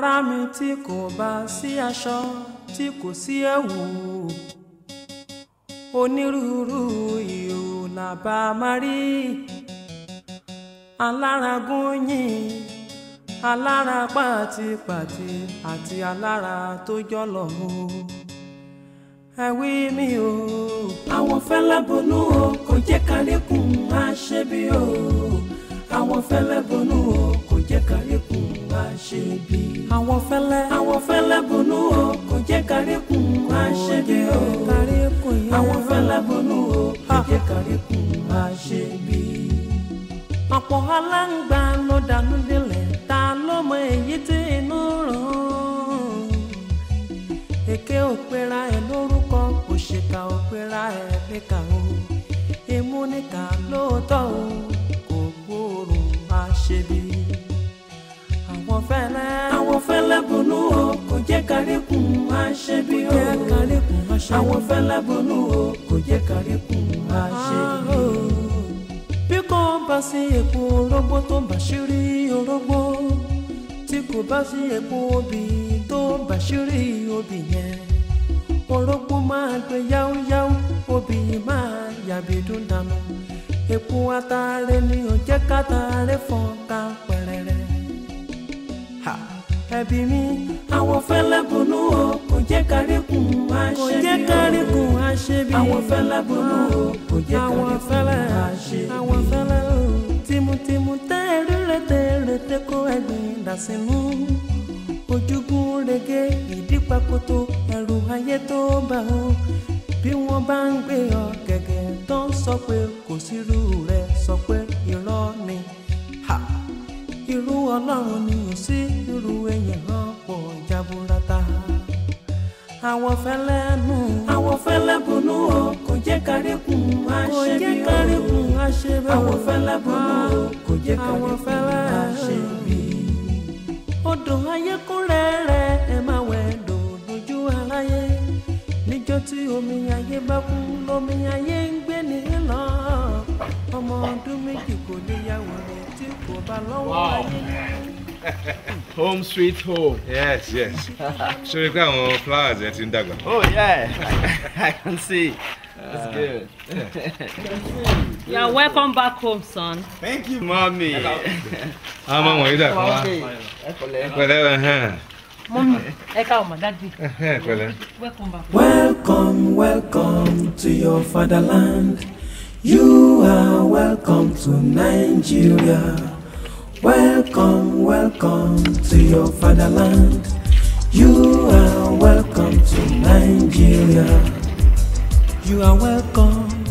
ara mi tí kò bá sí aṣọ tí kò sí ẹ̀wù onírúurú ìhò làbá máa rí aláragun yìn alára pàtìpàtì àti alára tó jọlọ o ẹ wí mi o. àwọn fẹ́lẹ́ bonú o kò jẹ́ káríkùn àṣebí o àwọn fẹ́lẹ́ bonú o jẹ́ káríkùn àṣebi. àwọ̀ fẹ́lẹ́ àwọ̀ fẹ́lẹ́ bonú o kò jẹ́ káríkùn àṣebi o káríkùn yẹn àwọ̀ fẹ́lẹ́ bonú o kò jẹ́ káríkùn àṣebi. ọ̀pọ̀ aláǹgbá ló dànù délẹ̀ ta ló mọ èyí tí inú ràn án. èké òpera ẹ̀ lórúkọ òṣèkà òpera ẹ̀ níkà o èmú níkà lóòótọ́ o kò gbóòórùn àṣebi fẹ́lẹ́. àwọn fẹ́lẹ́ bonú o kò jẹ́ káríkùn aṣebi o. àwọn fẹ́lẹ́ bonú o kò jẹ́ káríkùn aṣebi o. bí kò bá sí epo orógbó tó bá ṣírí orógbó tí kò bá sí epo obì tó bá ṣírí obì yẹn orógbó máa gbé yáúyáú obì máa yàbí dúndàmú epo ataare ni ò jẹ́ kátàárẹ̀ fọ́n ká pẹ̀rẹ̀rẹ̀ ẹbí mi. àwọn fẹlẹ bùnú o kò jẹ́ káríkùn àṣebi o kò jẹ́ káríkùn àṣebi o àwọn fẹlẹ bùnú o kò jẹ́ káríkùn àṣebi o àwọn fẹlẹ o tìmùtìmù tẹ rírètè rètè kó ẹ̀gbin dà ojúgun rege ìdípakoto ẹrù ayé tó bá o bí wọ́n bá ń gbé ọ gẹ́gẹ́ tó ń sọ pé kò sírú rẹ̀ sọ pé irọ́ ni irú ọlọ́run ni ò sí irú èèyàn pọ̀ jaburata àwọn fẹ́lẹ́ nù àwọn fẹ́lẹ́ bunú o kò jẹ́ káríkùn àṣebí o àwọn fẹ́lẹ́ bunú o ah, kò jẹ́ káríkùn àṣebí. odò ayé kún rẹ́rẹ́ ẹ máa wẹ̀ dòdòjú aráyé níjọ́ tí omi ayé bá kú lómi ayé ń gbé ní ọmọ ọdún méjì kò lè yàwó tí kò bá lọ́wọ́ ayé. home sweet home. yes yes ṣé o rí pé àwọn flowers yẹn ti ń dàgbà. oh yeah I, can see. That's uh, good. You're welcome back home, son. Thank you, mommy. Ah, mama, you there? Okay. Pẹ̀lẹ́. Mommy, ẹ káàárọ̀ mà, daddy. Pẹ̀lẹ́. Welcome back. Welcome, welcome to your fatherland. You are welcome to Nigeria. Welcome, welcome to your fatherland. You are welcome to Nigeria. You are welcome,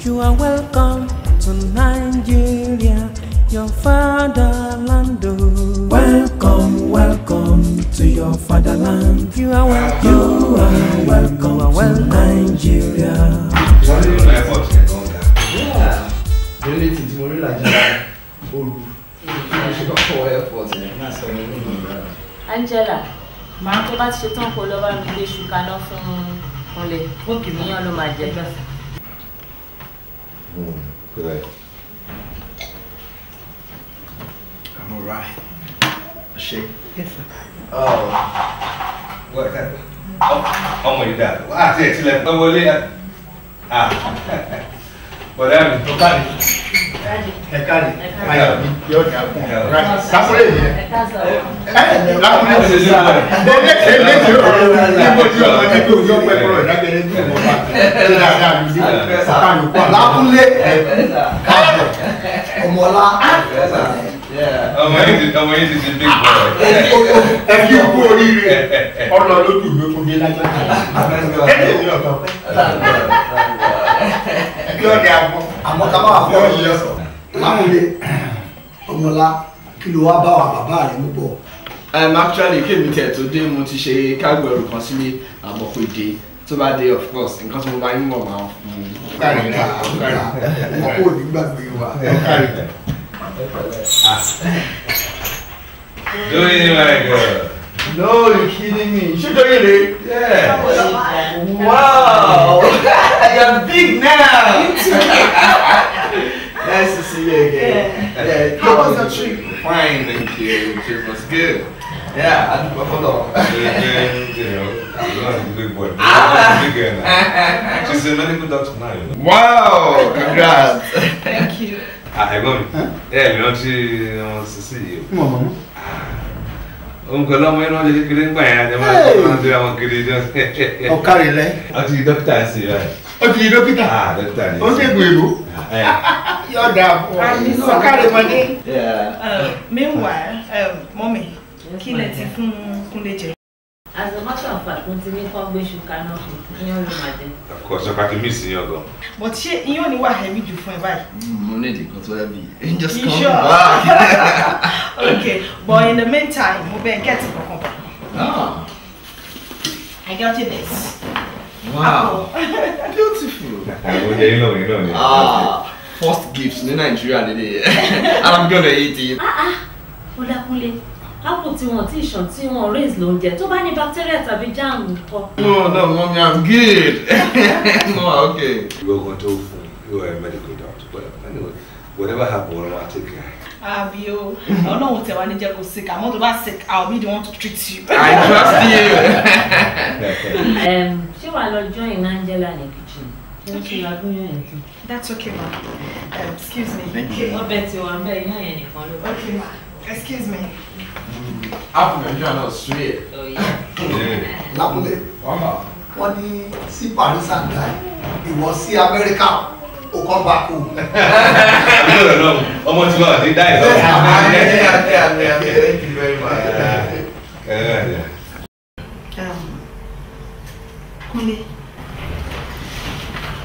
you are welcome to Nigeria, your fatherland. Oh. Welcome, welcome to your fatherland. You are welcome, you are welcome, you are welcome to Nigeria. Sorry, the only thing tí mo rí làjẹ́ olù ṣe kọ́kọ́ wọ airport yẹn ní àṣẹ mi nínú ìgbà. Angela màá tó bá ti ṣe tán kó lọ bá mi gbé ṣùkà náà fún Kúnlé bókì níyàn ló máa jẹ. Good. I'm alright. Ṣé? Yes, sir. Oh, what kind of? Oh, ọmọ ìdá, pẹ́ wọlé. Ah. ọ̀rẹ́ mi. ó kárí ẹ kárí ayọ̀ mi yóò dà kún lákúlẹ̀ yẹn ẹ lákúlẹ̀ yẹn sísá ẹgbẹ́ lè bí àmọ́ ká má wà fọ́ ọ̀yẹ́ yẹn sọ. láwùlé ọmọlá kí ló wá bá wa bàbá rẹ̀ mú bọ̀. Um, actually kí èmi tẹ̀ tó dé mo ti ṣe kágbó ẹrù kan sílé àmọ́ kò dé tó bá dé of course nǹkan tí mo bá ń mọ̀ máa fún un. ọkàrí rẹ ọkàrí rẹ wọn kò gbàgbé wa. ọkàrí rẹ. lórí ni wàá gbọ́. No, you're kidding me. you, Shujogele. Yeah. Wow. you're big now. nice to see you again. Yeah. yeah. How was the trip? Fine, thank you. The trip was good. Yeah, I hold on. you know, you don't have big boy. Ah. Big girl now. She's a medical doctor now. You know? Wow, congrats. thank you. Ah, I got me. Yeah, I know, she wants to see you. Mama. Ah. nǹkan lọ́mọ iná ṣe kékeré ńgbà yẹn àti máa tọ́ máa ń tẹ́lẹ̀ àwọn kiri jọ. ọ̀ka rẹ̀ lẹ́. ó ti di dókítà sí i báyìí. ó ti di dókítà. ah dókítà ni. ó ń ṣègùn èlò. yọ̀dà ọ̀ka rẹ̀ mọ̀ ní. meanwhile mọ́mì kí lẹ ti fún Kúnlé jẹ. As a matter of fact, continue for which you cannot be. Iyan ló máa jẹ. Of course, ọkà kì í miss iyan gan. But she, iyan ni wà ẹ̀mí jù fún ẹ báyìí? Mm, mo ní ìdí kan tó ẹ̀ bí. Just come sure? back. okay, but in the meantime, mo bẹ̀ kẹ́tì kankan company. Ah. I got you this. Wow. Beautiful. You know, you know, you know. Ah, first gifts ní Nàìjíríà nílé. And I'm gonna eat it. Ah ah, Ọlákúnlé apple tí wọn ti ṣàn tí wọn raise ló ń jẹ tó bá ní bacteria tàbí germ nǹkan. no no mọ́mí i'm good no i'm okay. ìwọ kan tó fún you are a medical doctor but anyway whatever happen wọn máa take care. àbí o ọlọ́run tẹ̀ wá ní jẹ́ kó sick àmọ́ tó bá sick i'll be the one to treat you. i trust you. ṣé wàá lọ join angela ní kitchen okay. That's okay, ma. Um, excuse me. Thank you. Okay, ma. Excuse me áàpù nàìjíríà náà sún yẹ. lákúlẹ̀ wọ́n ní sí paris and die ìwọ sí amẹ́ríkà ó kọ́ bá kú. ọmọ tí wàá ní dáì lọ́wọ́. Kúnlé,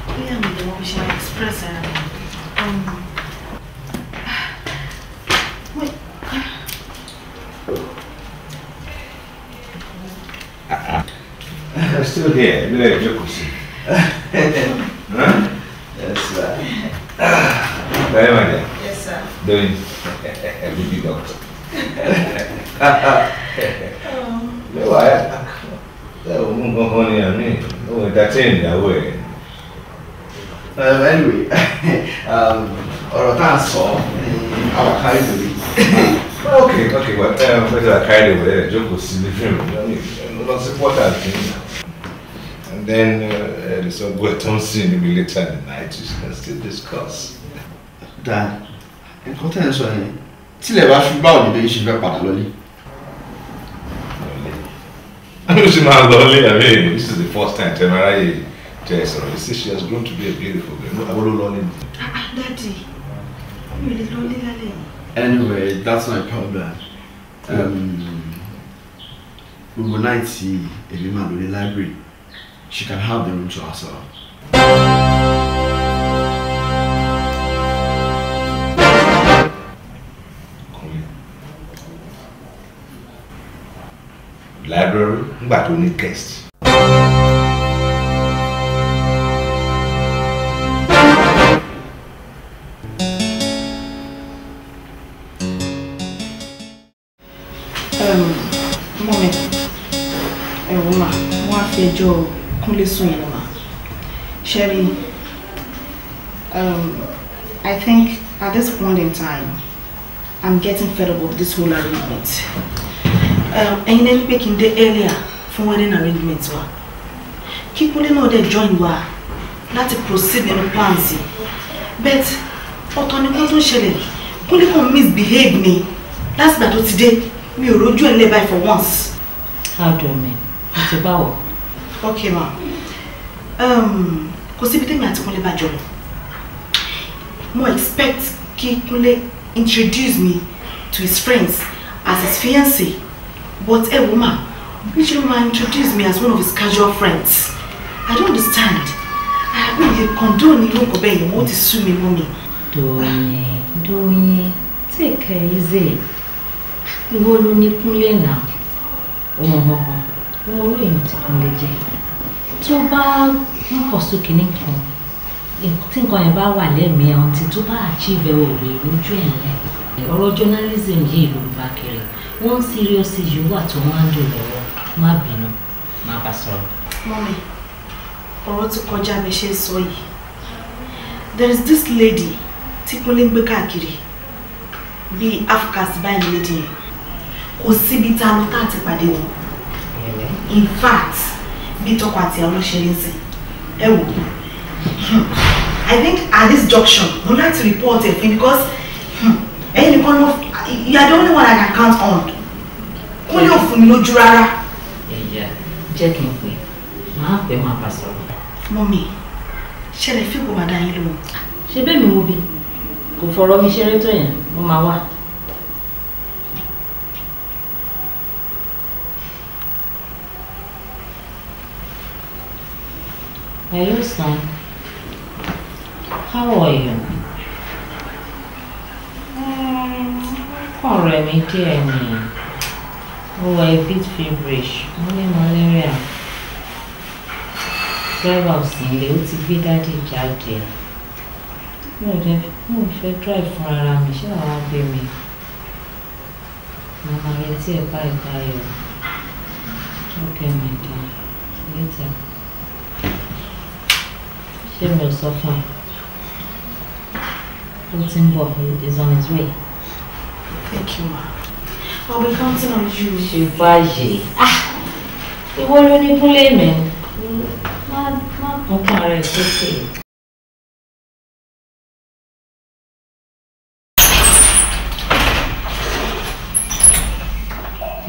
ó yà mí lọ́wọ́ bí ṣe máa express ara. are still here. Look at your Yes, sir. Very well. Yes, sir. Doing a baby doctor. No, I. That woman go honey and me. Oh, entertain that way. Um, anyway, um, ọ̀rọ̀ tá a sọ ni àwọn kárí Okay, okay, well, um, whether I carry the way, jókòó sí ní fíìmù, lọ sí pọ́tà fíìmù. Then uh, the uh, subway Thompson will later in the night, we can still discuss. Dan, nǹkan tẹ́ ẹ sọ yẹn, tílẹ̀ bá fi báwo ni bẹ́ẹ̀ ṣe fẹ́ padà lọ́lé? Lọ́lé. Ó ṣe I mean, this is the first time tẹ́ mara yẹ You see, she has grown to be a beautiful girl. Àwọn ló lọ́lé ni. Ah, ah, Dádì, mi ò lè lọ́lé lálẹ́ yìí. Anyway, that's my problem. Um, will not see èmi máa in the library she can have the room to herself. library nígbà tó ní guest. Um, mọ́mi ẹ̀rù mà wọ́n á fi job. Kúnlé sún yín mà. Sherry, um, I think at this point in time, I'm getting fed up with this whole arrangement. Um, ẹ̀yin lẹ́ni pé kí n dé earlier for wedding arrangements, wa. Keep Kúnlé náà dẹ̀ join wa láti proceed nínú plans But ọ̀tọ̀ ni kó tó ṣẹlẹ̀, Kúnlé kàn misbehave me. lásìgbà tó ti dé mi and Levi for once. How do you mean? It's about ok ma um, kò síbi tèmi àti kúnlé bá jọ mo expect ki kúnlé introduce me to his friends as his fiancé but ẹ woman, which woman introduce me as one of his casual friends i don't understand i no dey condone irú nǹkan bẹ́ẹ̀ yẹn wọ́n ti sú mi mọ́ mi. Doyin Doyin take it easy ìwọ ló ní kúnlé Oh wọn orí èèyàn ti kún lè jẹ tó bá ń pọ̀ sókè nìkan tí nǹkan yẹn bá wà lẹ́mìí àwọn tí tó bá achieve ẹ̀ ò ẹ̀ lẹ́ ọ̀rọ̀ journalism yìí ló kiri wọ́n serious yìí wà tó wọ́n á dùn lọ́wọ́ má bínú má bá sọ̀rọ̀. mọ́mi ọ̀rọ̀ ti kọjá mi ṣe sọ yìí there is this lady tí kúnlé ń gbé káàkiri bíi afcas báyìí lady yẹn kò síbi tá a lọ tá a ti pàdé wọn in fact bí tọkọ àti àwọn ọlọ́ṣẹ́lẹ̀ ṣe ẹ wò hmm. i think at this junction we mo to report ẹ because hmm, ẹ̀yin nìkan you are the only one i can count on kó lè fún mi lójú rárá. ẹ̀yà jẹ́ kí n pè máa pè máa bá sọ̀rọ̀. mọ́mí ṣẹlẹ̀ fíìpù bàdá yín lóhùn. ṣé bẹ́ẹ̀ mi wo bí kò fọ̀rọ̀ mi ṣeré tó yẹn mo máa wá. Hello son, how are you? Mm. Poor rẹ̀ dear me. Oh, ó wà a bit feverish, ó ní malaria. Driver ò sí ilé, ó ti gbé dádì jáde. Mi ò dé, mi ò fẹ́ drive fún ara mi, ṣé àwọn abẹ́ mi? Màmá retí ẹ̀ báyìí báyìí o. Okay my dear, later ṣé mi ò sọ fún ẹ ó is on his way. thank you ma I'll be counting on you. ṣe báyìí ah! ìwọ ló ní kúnlé mi má má kún kún ara ẹ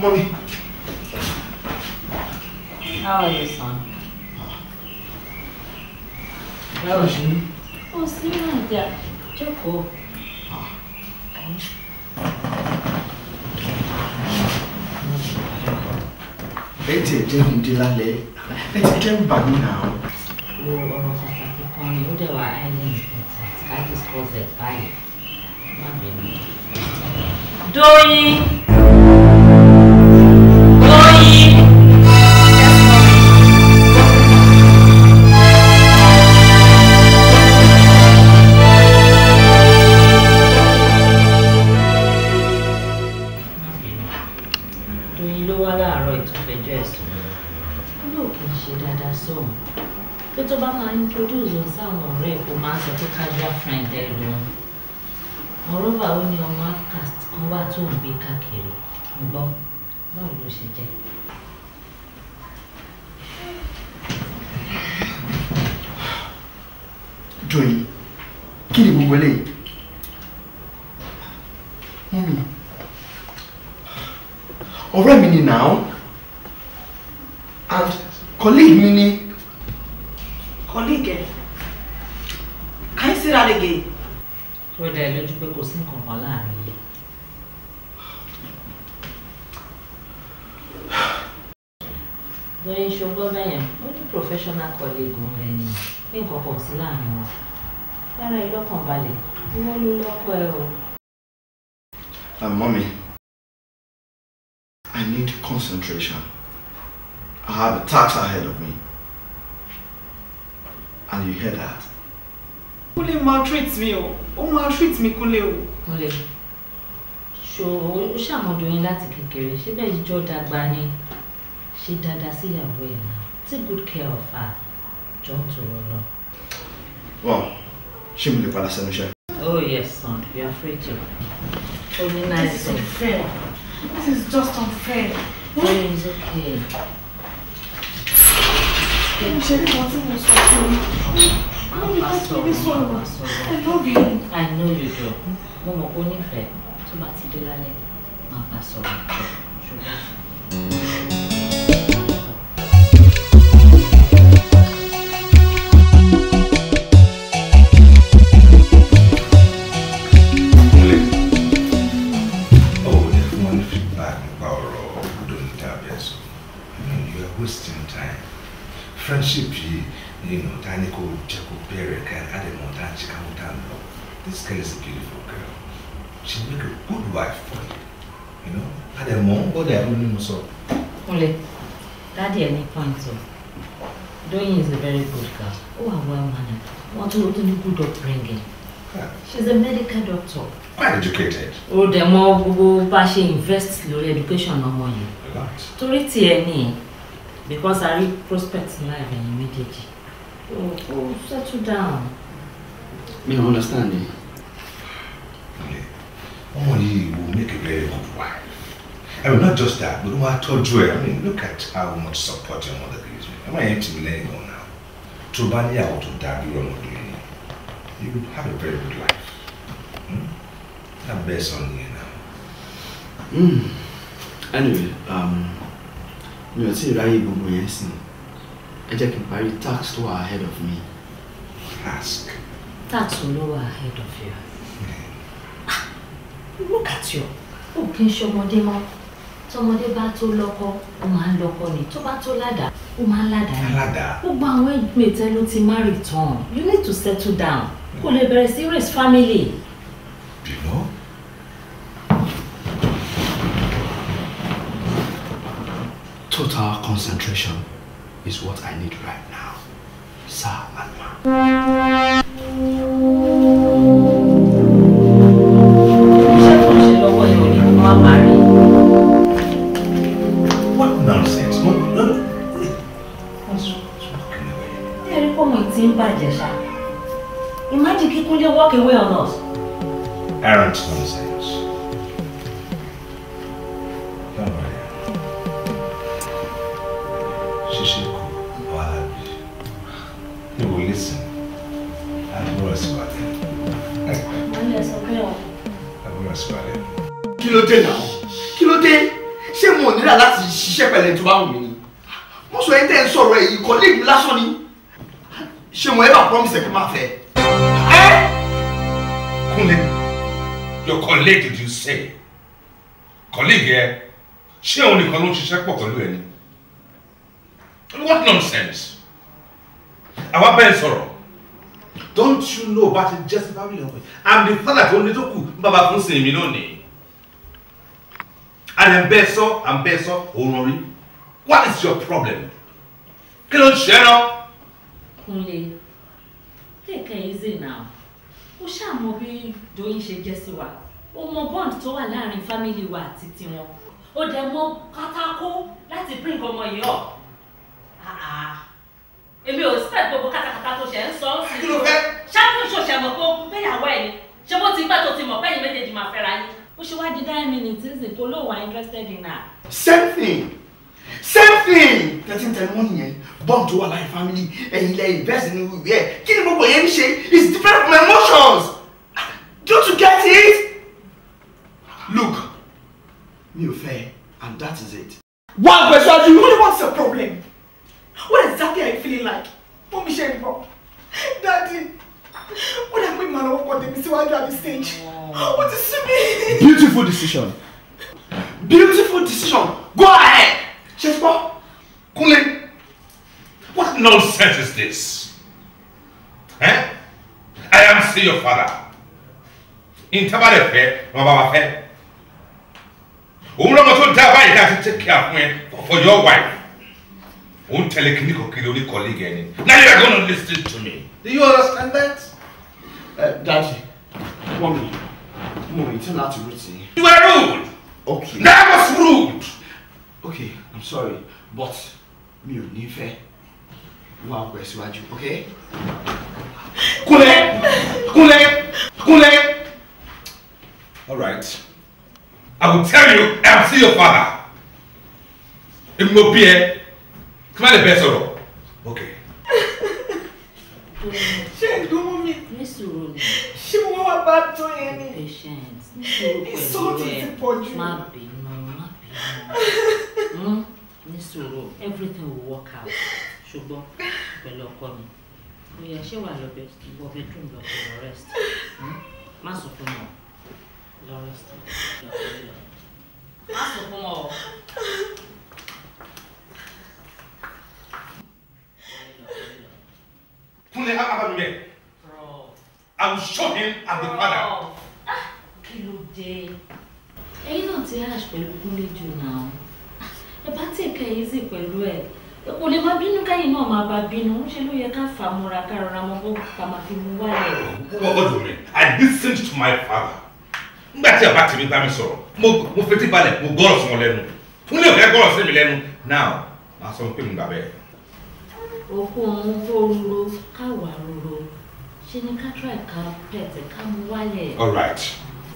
Mommy. How are you, son? Báwo ṣe ní? Ó sí ìrìnàjà jókòó. Ẹ ti ẹ̀ jẹun dé lálẹ́, ẹ ti jẹun bà mí nà ó. Wo oh, ọ̀rọ̀ pàtàkì kan ni ó dẹ̀ wá island pẹ̀tà, ká discuss ẹ̀ báyìí. Má bẹ̀rù. Dóyin. tó casual friend ẹ lọ moreover ó ní ọmọ outcast kan wà tó ń gbé káàkiri ǹgbọ́ báwo ló ṣe jẹ́. joyi kí ni gbogbo eléyìí ọ̀rẹ́ mi ni now and colleague mi ni. professional colleague òun rẹ̀ ni nǹkan kan sí láàrin wọn lára ẹ balẹ̀ bí wọ́n ló lọ́kọ ẹ o. Ah, mommy, I need concentration. I have a task ahead of me. And you hear that? Kúnlé maltreat mi o. Ó maltreat mi Kúnlé o. Kúnlé. Ṣo o ṣàmọ̀dọ̀ yín láti kékeré ṣé bẹ́ẹ̀ jọ dàgbà ni ṣe dáadáa síyàwó ẹ̀ náà take good care of her John. ń tòrọ lọ. wow ṣé mo lè padà sẹ́nu oh yes son you are free to. o ní this is unfair this is just unfair. no oh, it is okay. ṣe ní wọ́n tí mo sọ fún mi. Mommy, don't give me I love you. I know you do. Mama, only friend. So nífẹ̀ẹ́ tó bá ti dé lálẹ́, friendship yìí you know ta ni kò jẹ́ kó bẹ̀rẹ̀ ká àdèmọ tá à ń ṣe káwọn tá à lọ this girl is a beautiful girl she make a good wife for you you know àdèmọ ó dẹ̀ ló ní mo sọ. kúnlẹ̀ dáàdi ẹ̀ ní Doyin is a very good girl ó wà well mannered wọ́n tún ó tún ní good upbringing ah. she's a medical doctor. quite educated. ó dẹ̀ mọ̀ gbogbo bá ṣe invest lórí education ọmọ yìí torí tiẹ̀ nìyí because I read prospects in life and immediately. Oh, oh, settle down. Me, I understand it. Omoni will make a very good wife. I mean, not just that, but what I told you, I mean, look at how much support your mother gives me. Am I letting go now? To ban you out of that, you will You will have a very good life. Hmm? I'm based on you now. Mm. Anyway, um, mi ò tí ì ráyè gbogbo yẹn sìn ẹ jẹ́ kí n parí tax tó wà ahead of me. Ask. tax ló wà ahead of you. Hmm. Ah, look at you ó kì í ṣọmọdé mọ́ tọmọdé bá tó lọ́kọ ó máa ń lọ́kọ ni tó bá tó ládàá ó máa ń ládàá ni gbogbo àwọn mẹ́tẹ́ ló ti má rì you need to settle down kó lè bẹ̀rẹ̀ sí raise family. bìbọ́. Total concentration is what I need right now, sir and ma. What nonsense? What, what, what's, what's walking away? Ẹ̀rí pọ̀ mọ̀ ìtì ń bàjẹ́ ṣá. Imagine kí Kúnlé walk away on us. Errant nonsense. kí ló dé náà kí ló dé ṣé mo nílà láti ṣiṣẹ́ pẹ̀lẹ́ tó bá wù mí ni mo sọ yẹn tẹ́ ń sọ̀rọ̀ ẹ̀yìn kan léèmí lásán ni ṣé mo ever promise pé máa fẹ́ ẹ́. Kúnlé your colleague did you say colleague yẹ ṣé òun nìkan ló ń ṣiṣẹ́ pọ̀ pẹ̀lú ẹ̀ ni what nonsense àwa bẹ́ẹ̀ sọ̀rọ̀ don't you know bá ti jẹ́ sí bábìlì ọ̀pẹ i'm the father tó ní Baba kù bàbá fún lónìí and ẹ̀ ń bẹ́ẹ̀ sọ what is your problem kí ló ń ṣe ẹ́ náà. Kúnlé kẹ̀kẹ́ easy now ó ṣàmọ bí Doyin ṣe jẹ́ sí wa ó mọ bond tó wà láàrin fámìlì wa àti tiwọn ó dẹ̀ mọ pátákó láti bring ọmọ yìí ọ̀ èmi ò sí pẹ̀lú gbogbo kátàkátà tó ṣe ń sọ ọ́ sí i ṣáà fún ìṣòṣèmọ̀ pé ó gbéyàwó ẹ̀ ni ṣé bó ti gbà tó ti mọ̀ pé ẹ̀yin méjèèjì máa fẹ́ra yín ó ṣe wá di nine minutes nísìnyí tó lóò interested in her. same thing same thing thirteen ten one yẹn born to our life family he lẹ invest in wíwí ẹ̀ kí ni gbogbo yẹn ń ṣe it's different from emotions don't you get it look mi ò and that is it. What, gbèsè àjù you really want a problem what exactly are you feeling like fún mi ṣe bro? daddy ó dà pé màá lọ́wọ́ pọ̀ tèmi síwájú àbí stage What ti sú mean? beautiful decision beautiful decision go ahead ṣe gbọ́ kúnlẹ̀ what nonsense is this eh? i am still your father ìtàbàdàn fẹ́ fe, bá wa fẹ́ òun lọ́mọ tó dá báyìí ká ti take care of me for your wife òun tẹ̀lé kíní colleague. now you are going to listen to me do you understand that. Eh, Daddy, mommy, mommy, tell her to root me. You were rude! Okay. That was rude! Okay, I'm sorry, but mi ò ní fẹ́ wá ọkọ̀ ẹ̀ síwájú, okay? Kúnlẹ̀! Kúnlẹ̀! Kúnlẹ̀! Alright. I will tell you, I am still your father. Èmi mo bí ẹ, kí má lè bẹ́ẹ̀ sọ̀rọ̀. Okay. Ṣé ìdúró ní sùúrù ni. ṣé wọ́n wá bá tó yẹn ni. patient ní sùúrù pẹ̀lú ẹ̀ everything will work out ṣùgbọ́n pẹ̀lú ọkọ mi ó yẹ ṣé wà lọ́bẹ̀ ìwọ bẹ dùn lọ́kọ̀ lọ rest hmm? má sọ fún mọ́ lọ rest má sọ fún mọ́ o. Kúnlẹ̀ á bá mi bẹ̀. I will show him as the father. Oh. Ah, kí ló dé ẹ̀yin náà ti hash pẹ̀lú kúnlé jù náà ah, ẹ bá tẹ̀ kẹ́ ẹ̀yìn sí pẹ̀lú ẹ̀ kò lè má bínú kẹ́yìn náà máa bá bínú ṣe ló yẹ ká fà á múra ká rọra mọ bó ká máa fi mú wálẹ̀. ọgọdọ mi I listened to my father nígbà tí àbá tèmi bá mi sọ̀rọ̀ mo fetí balẹ̀ mo gbọ́rọ̀ sí wọn lẹ́nu fún lè fẹ́ gbọ́rọ̀ sí mi lẹ́nu now màá sọ pé mo gbà bẹ́ẹ̀. òkú òun kó rúro káwà rúro all right.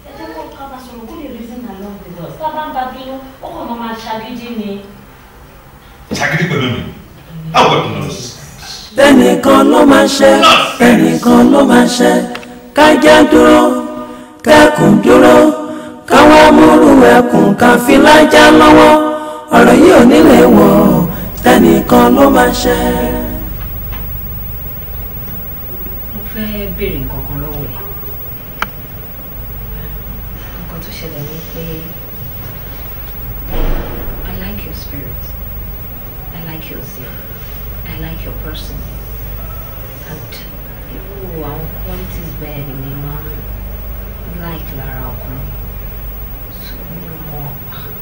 ẹ jẹ́ kó ká bá sọ̀rọ̀ kó lè reason along with us tá a bá ń bá bínú ó pẹ̀lú mi how God ẹnìkan ló máa ṣe ẹnìkan ló máa ń ṣe kájá dúró kẹ́kùn dúró káwá múrú ẹkùn káfí lájà lọ́wọ́ ọ̀rọ̀ yìí ò nílé wọ̀ tẹnìkan ló máa ṣe. fẹ́ béèrè nǹkan kan I like your spirit I like your zeal I like your person and irú qualities bẹ́ẹ̀ ni mi like lára ọkùnrin so mi mọ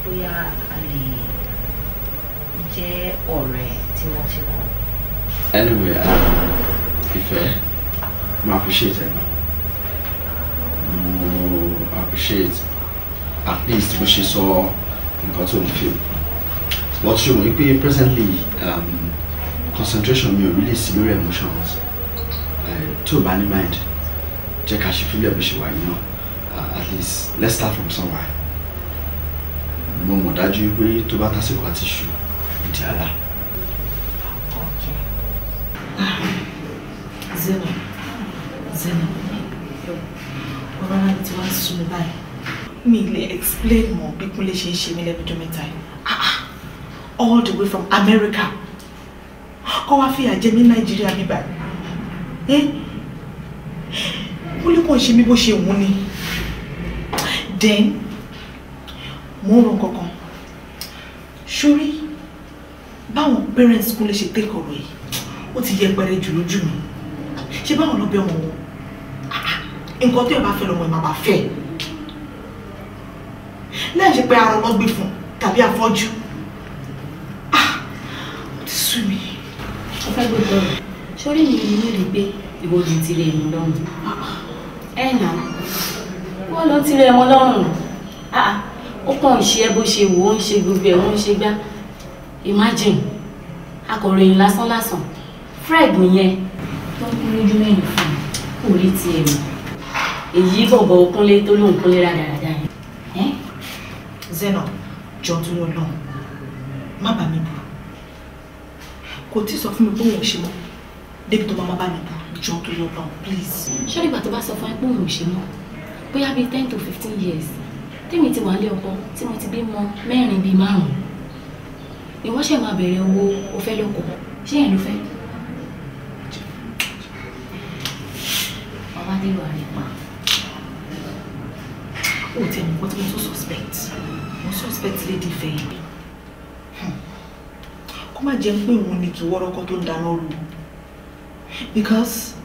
bóyá a lè jẹ́ anyway Ife. mo appreciate ẹ náà mo appreciate at least bó ṣe sọ nǹkan tó ń fi wọ́n tún wọ́n pé presently um, concentration mi ò really sí lórí emotions tó bá ní mind jẹ́ ká ṣe fílẹ̀ bó ṣe wà yìí náà uh, at least let's start from somewhere mo mọ̀ dájú pé tó bá tásìkò àti ṣù ìdí àlá. Ah, Zeno tẹ́ mi ọ̀rọ̀ ara mi ti wá sún mi báyìí mi lè explain mọ́ bí kúnlé ṣe ń ṣe mí lẹ́nu dọ́mẹ́ta yìí ah, ah, all the way from America kọ́ wá fìyà jẹ mí Nàìjíríà mi báyìí kúnlé kàn ṣe mí bó ṣe wù ni then mo ń ro kankan sórí báwọn parents kúnlé ṣe take ọ̀rọ̀ yìí ó ti yẹpẹrẹ jù lójú mi ṣé báwọn ló bẹ ọmọ wọn nǹkan tó yẹ bá fẹ́ lọ́mọ ẹ̀ máa bá fẹ́ lẹ́yìn ṣe pé ara ọlọ́gbé fún tàbí afọ́jú ah ó ti sú mi. ó fẹ́ gbogbo rẹ̀ sórí mi ni mi rí pé ìwọ di tirẹ̀ ẹ̀yìn lọ́rùn ẹ̀ nà wọ́n lọ tirẹ̀ ẹ̀wọ̀n lọ́rùn ah, ah. ó kàn ń ṣe ẹ bó ṣe wò ó ń ṣe gbogbo ẹ̀ wọ́n ń ṣe gbá imagine akọ̀ròyìn lásán lásán Fred nìyẹn tó ń kú lójú mẹ́rin fún un kò rí tiẹ̀ nù èyí bọ̀bọ̀ kúnlé tó lóun kúnlé rádaràda yẹn. Zeno jọ tó lọ má bà mí bù kò tí sọ fún mi pé òun ò ṣe mọ́ débi tó máa bá mi bù jọ tó lọ please. ṣé nígbà tó bá sọ fún ẹ pé òun ò ṣe mọ́ bóyá bíi ten to fifteen years tèmi ti wà ní ọkọ tí mo ti bí mọ mẹ́rin bíi márùn-ún ni wọ́n ṣẹ̀ máa bẹ̀rẹ̀ owó òfẹ́ lóko ṣé ẹ̀ ló fẹ́. ọba dé wà nípa. Oh tell me, kan tí mo tún suspect mo suspect lady fẹ́yìn hmm. kó má jẹun pé òun ni kì í wọ́rọ́kọ́ tó ń dáná rú because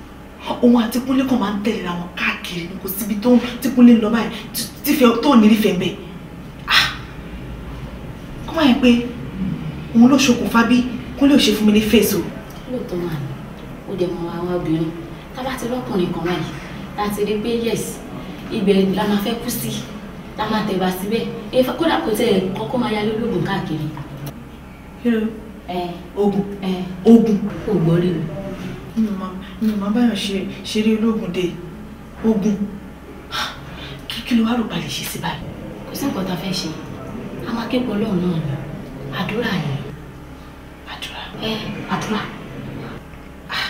òun àti kúnlé kan máa ń tẹ̀lé ra wọn káàkiri ní kò síbi tó ti kúnlé ń lọ báyìí tífẹ́ tó ní nífẹ̀ẹ́ bẹ́ẹ̀ Ah. Come on, pé òun ló ṣokùnfà bí kúnlé ò ṣe fún mi ní fèsò. lóòótọ́ màá ní ó dẹ̀ mọ àwọn obìnrin tá a bá ti rọ́kùnrin kan báyìí láti rí pé yẹ́sì ibẹ̀ la máa fẹ́ kú sí la máa tẹ̀bà síbẹ̀ efa kódà kò tẹ̀ kọ́kọ́ máa yálé olóògùn káàkiri. ogun ogun kò gbọ́ rí mi. mi ò máa báyọ̀ ṣe ṣeré olóògùn dé ogun kí ló wá rò balẹ̀ ṣe sí báyìí. kò sí nǹkan tá a fẹ́ ṣe a máa képo ọlọ́run náà ni àdúrà ni. àdúrà. ẹ àdúrà ah!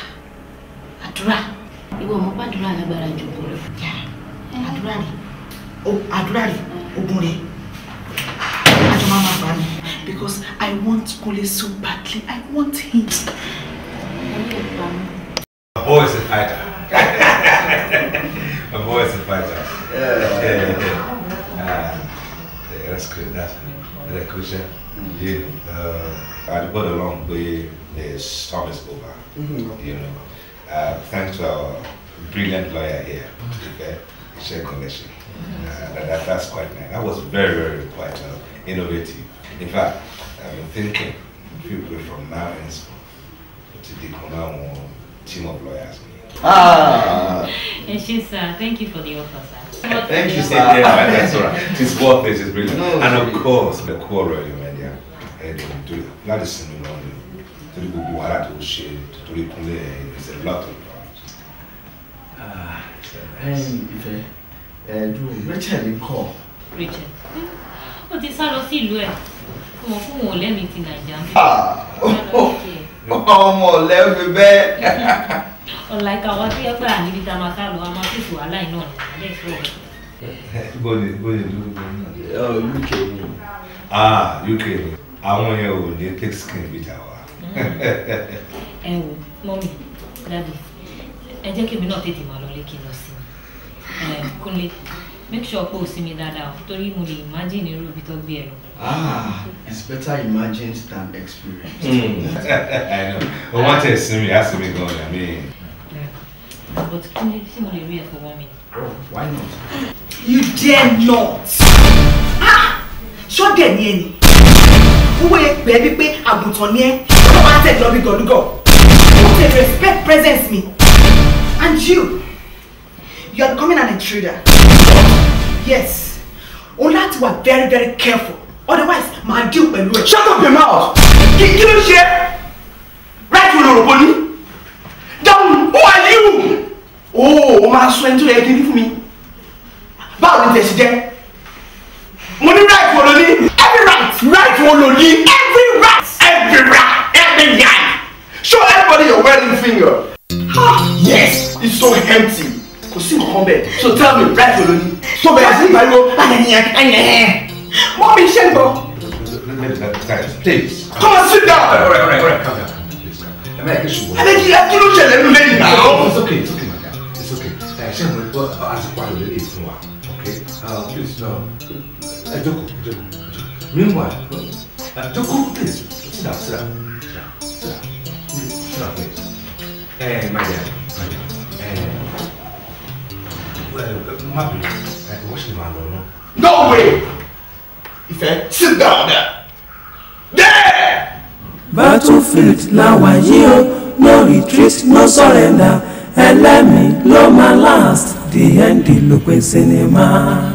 àdúrà ìwọ ọmọ pàdúrà lágbára jù kúrò. àdúràrí oh ogun rẹ àjọ máa máa because I want Kole so badly I want him. My boy is a fighter. My boy is a fighter. Yeah. yeah, yeah. Uh, yeah that's great. That's that cushion. Yeah. Uh, I got along way. The storm is over. Mm -hmm. You know. Uh, thanks to our brilliant lawyer here. To be fair share collection. Uh, that, that's quite nice. That was very, very quite uh, innovative. In fact, I've been thinking people from now in school to the Konao team of lawyers. Ah! Yes, yes, sir. Thank you for the offer, sir. Thank, you, sir. yeah, that's all right. It's worth it. It's brilliant. No, and of course, the core of your media, Madison, you to the Gugu Harad, to the Kule, there's a lot of ẹ̀yin ìfẹ́ ẹ̀ẹ́dùn Rachel ń kọ́. Rachel ó ti sá lọ sí ìlú ẹ̀ fún wọn fún wọn ò lẹ́mìí ti nàìjà mi. ọmọ ọ̀lẹ́ mi bẹ́ẹ̀. ọ̀la ìka wa tí ẹ pé àní níta máa ká lọ a máa fèsì wàhálà iná rẹ̀ lẹ́sọ̀ọ́. bóde bóde lórí mi. UK ni. ah UK ni àwọn yẹn ò ní take skin bí jà wá. Mm. ẹ wo mọ́mí dábì ẹ jẹ́ kí èmi náà tètè máa lọ lé lọ Eh, Kúnlé make sure pé o sinmi dáadáa torí mo lè imagine irú ibi tó gbé ẹ lọ. ah it's better imagined than experienced. Hmm. i know o wá tẹ̀ sinmi á sinmi gan-an I mean. but Kúnlé ṣé mo lè rí ẹ for one minute. oh why not. you dare not. Ah! ṣọ́dẹ̀ ni ẹni wúwo yẹ pẹ́ bí pé àgùntàn ni ẹ ló máa tẹ̀ lọ bí gọ̀dúgọ̀ you dey respect presence me and you. You are becoming an intruder. Yes. Only that you are very, very careful. Otherwise, my deal will ruin. Shut up your mouth! Kí ló ṣe? Right will not open Down! Who are you? Oh, my son, you are giving me. Báwo ni tẹ̀sí jẹ́? Mo right wo lo Every right! Right wo lo Every right! Every right! Every right! Show everybody your wedding finger. Ah, yes! It's so empty kankan bẹ́ẹ̀ so tell me right olóni tó bẹ̀rẹ̀ sí ìpariwo àyẹ̀yẹ̀ àyẹ̀yẹ̀ mọ́ mi ṣe ń Please. come and sit down. all right all right all right calm down. ẹlẹ́jì kí ló ṣẹlẹ̀ nínú lẹ́yìn náà. it's okay it's okay madam it's okay ẹ ṣe mo gbọ́ àsìkò àlọ́ lè fún wa okay uh, please no ẹ jókòó jókòó meanwhile uh, please sit down sit down sit down sit down please. ẹ ẹ máa no way If I sit down there. there. battlefield làwà yìí o no retreat no surrender ẹlẹ́mìí ló máa last the end ló pé sinimá.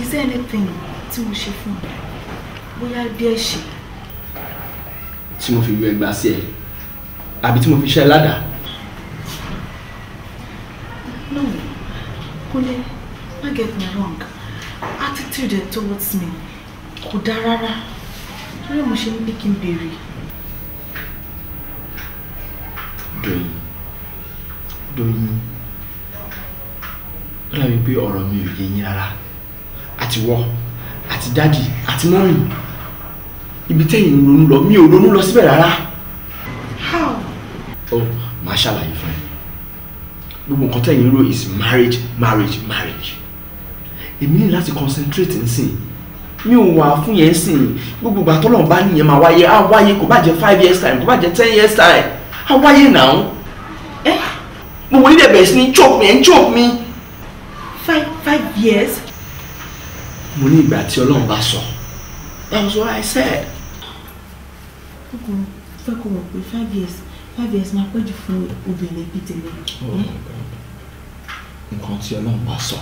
is there anything tí mo ṣe fún ọ bóyá bí ẹ ṣe. tí mo fi yọ ẹgbàá sí ẹ àbí tí mo fi ṣe ládàá. no Kúnlé no get me wrong attitude towards me kò dáa rárá torí mo ṣe ń bí kí n béèrè. Doyin Doyin ó dàbí pé ọ̀rọ̀ mi ò yé yín rárá àtiwọ àti dádì àti mọ́mì ibi tẹ́yìn ń ronú lọ mi ò ronú lọ síbẹ̀ rárá. ó máa ṣàlàyé fún ẹ gbogbo nǹkan tẹ́yìn ń ro is marriage marriage marriage èmi ní láti concentrate nsìn mi ò wà fún yẹn sìn gbogbo ìgbà tọ́lọ̀ bá nìyẹn máa wáyé á wáyé kò bá jẹ́ five years time kò bá jẹ́ ten years time á wáyé náà mo wọlé dẹ̀ bẹ̀rẹ̀ sí ní chop me ẹ̀ ń chop mi. five five years mo ní ìgbà tí ọlọ́run bá sọ that was what I said. kókò fẹ́ kó mọ̀ pé five years five years máa pẹ́ jù fún obìnrin bíi tèmi. Oh nǹkan tí ọlọ́run bá sọ.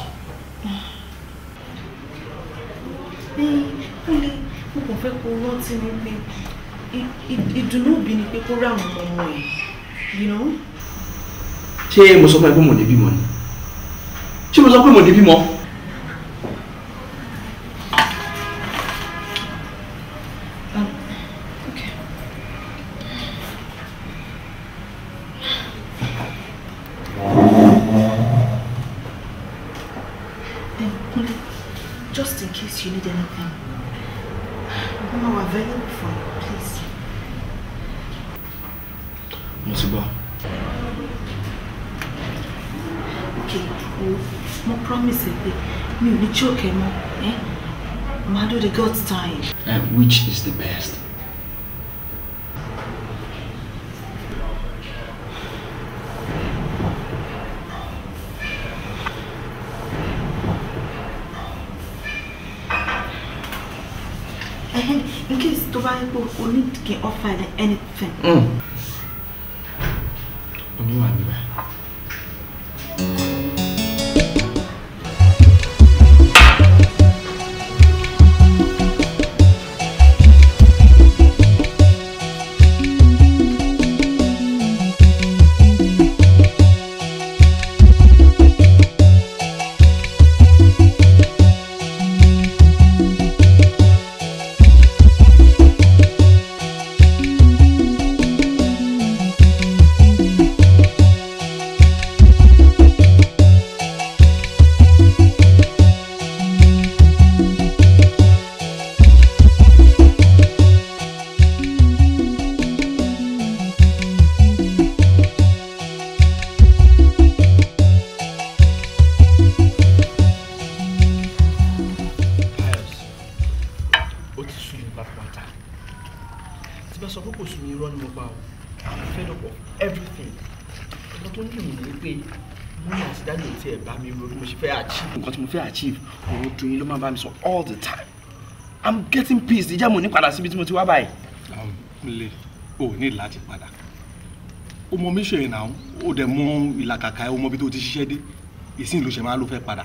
ó lè mo kàn fẹ́ kó rántí ni pé ìdùnnú òbí ni pé kó rà àwọn ọmọ ẹ̀ you know. ṣé mo sọ fún ẹ pé mo lè bímọ ni ṣé mo sọ pé mo lè bímọ. which is the best. In case Dubai will book, we need to get anything. Mm. máa bá mi sọ all the time i'm getting peace ìjà mo ní padà síbi tí mo ti wá báyìí. Um, lè o ní láti padà o mọ mission yẹn náà o dẹ̀ mọ ìlàkàkà ẹ o mọ ibi tó ti ṣiṣẹ́ dé ìsìn ló ṣe máa ló fẹ́ padà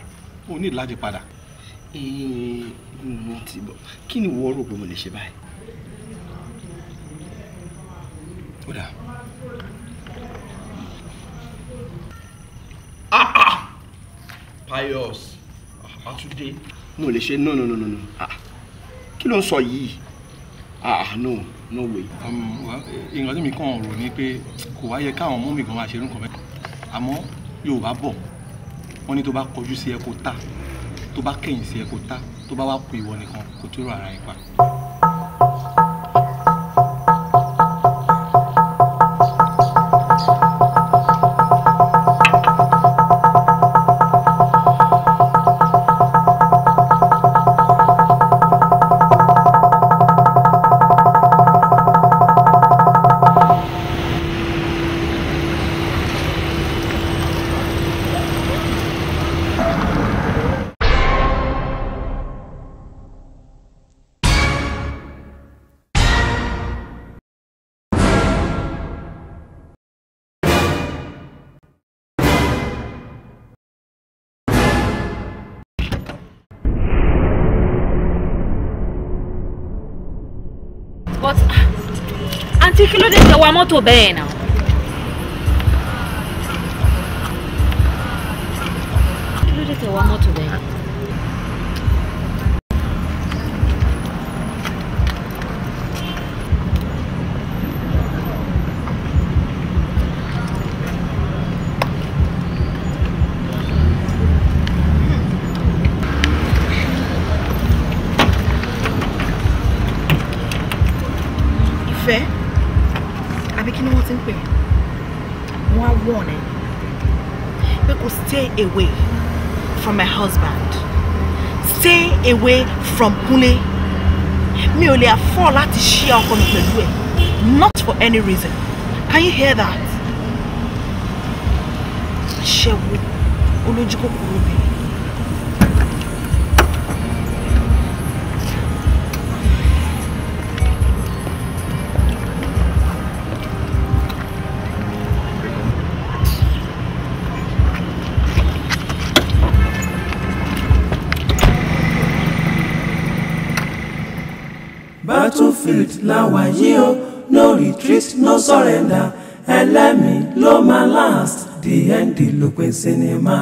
o ní láti padà. mo ti bọ̀ kí ni wọ́n rò pé mo lè ṣe báyìí. ó dà. Ah, ah. pious. Atunde mo lè ṣe no no no no no ah kí ló ń sọ yìí ah no no way. ìrìnàjò um, mi kàn rò ní pé kò wá yẹ káwọn mọ́mì kan máa ṣe irúkọ mẹ́ta àmọ́ Yorùbá bọ̀ wọ́n ní tó bá kọjú sí ẹ kó ta tó bá kẹ̀yìn sí ẹ ta tó bá wá ku ìwọ nìkan kó tó rọ ara ẹ pa. muito bem. Não. away from my husband stay away from Kúnlé mi ò lè afford láti share ọkọ mi pẹ̀lú ẹ̀ not for any reason can you hear that? ṣẹ́wó olójú kòkòrò bẹ́ẹ̀. láwa yìí o no retreat no surrender ẹlẹ́mìí ló máa last the end lópin sinimá.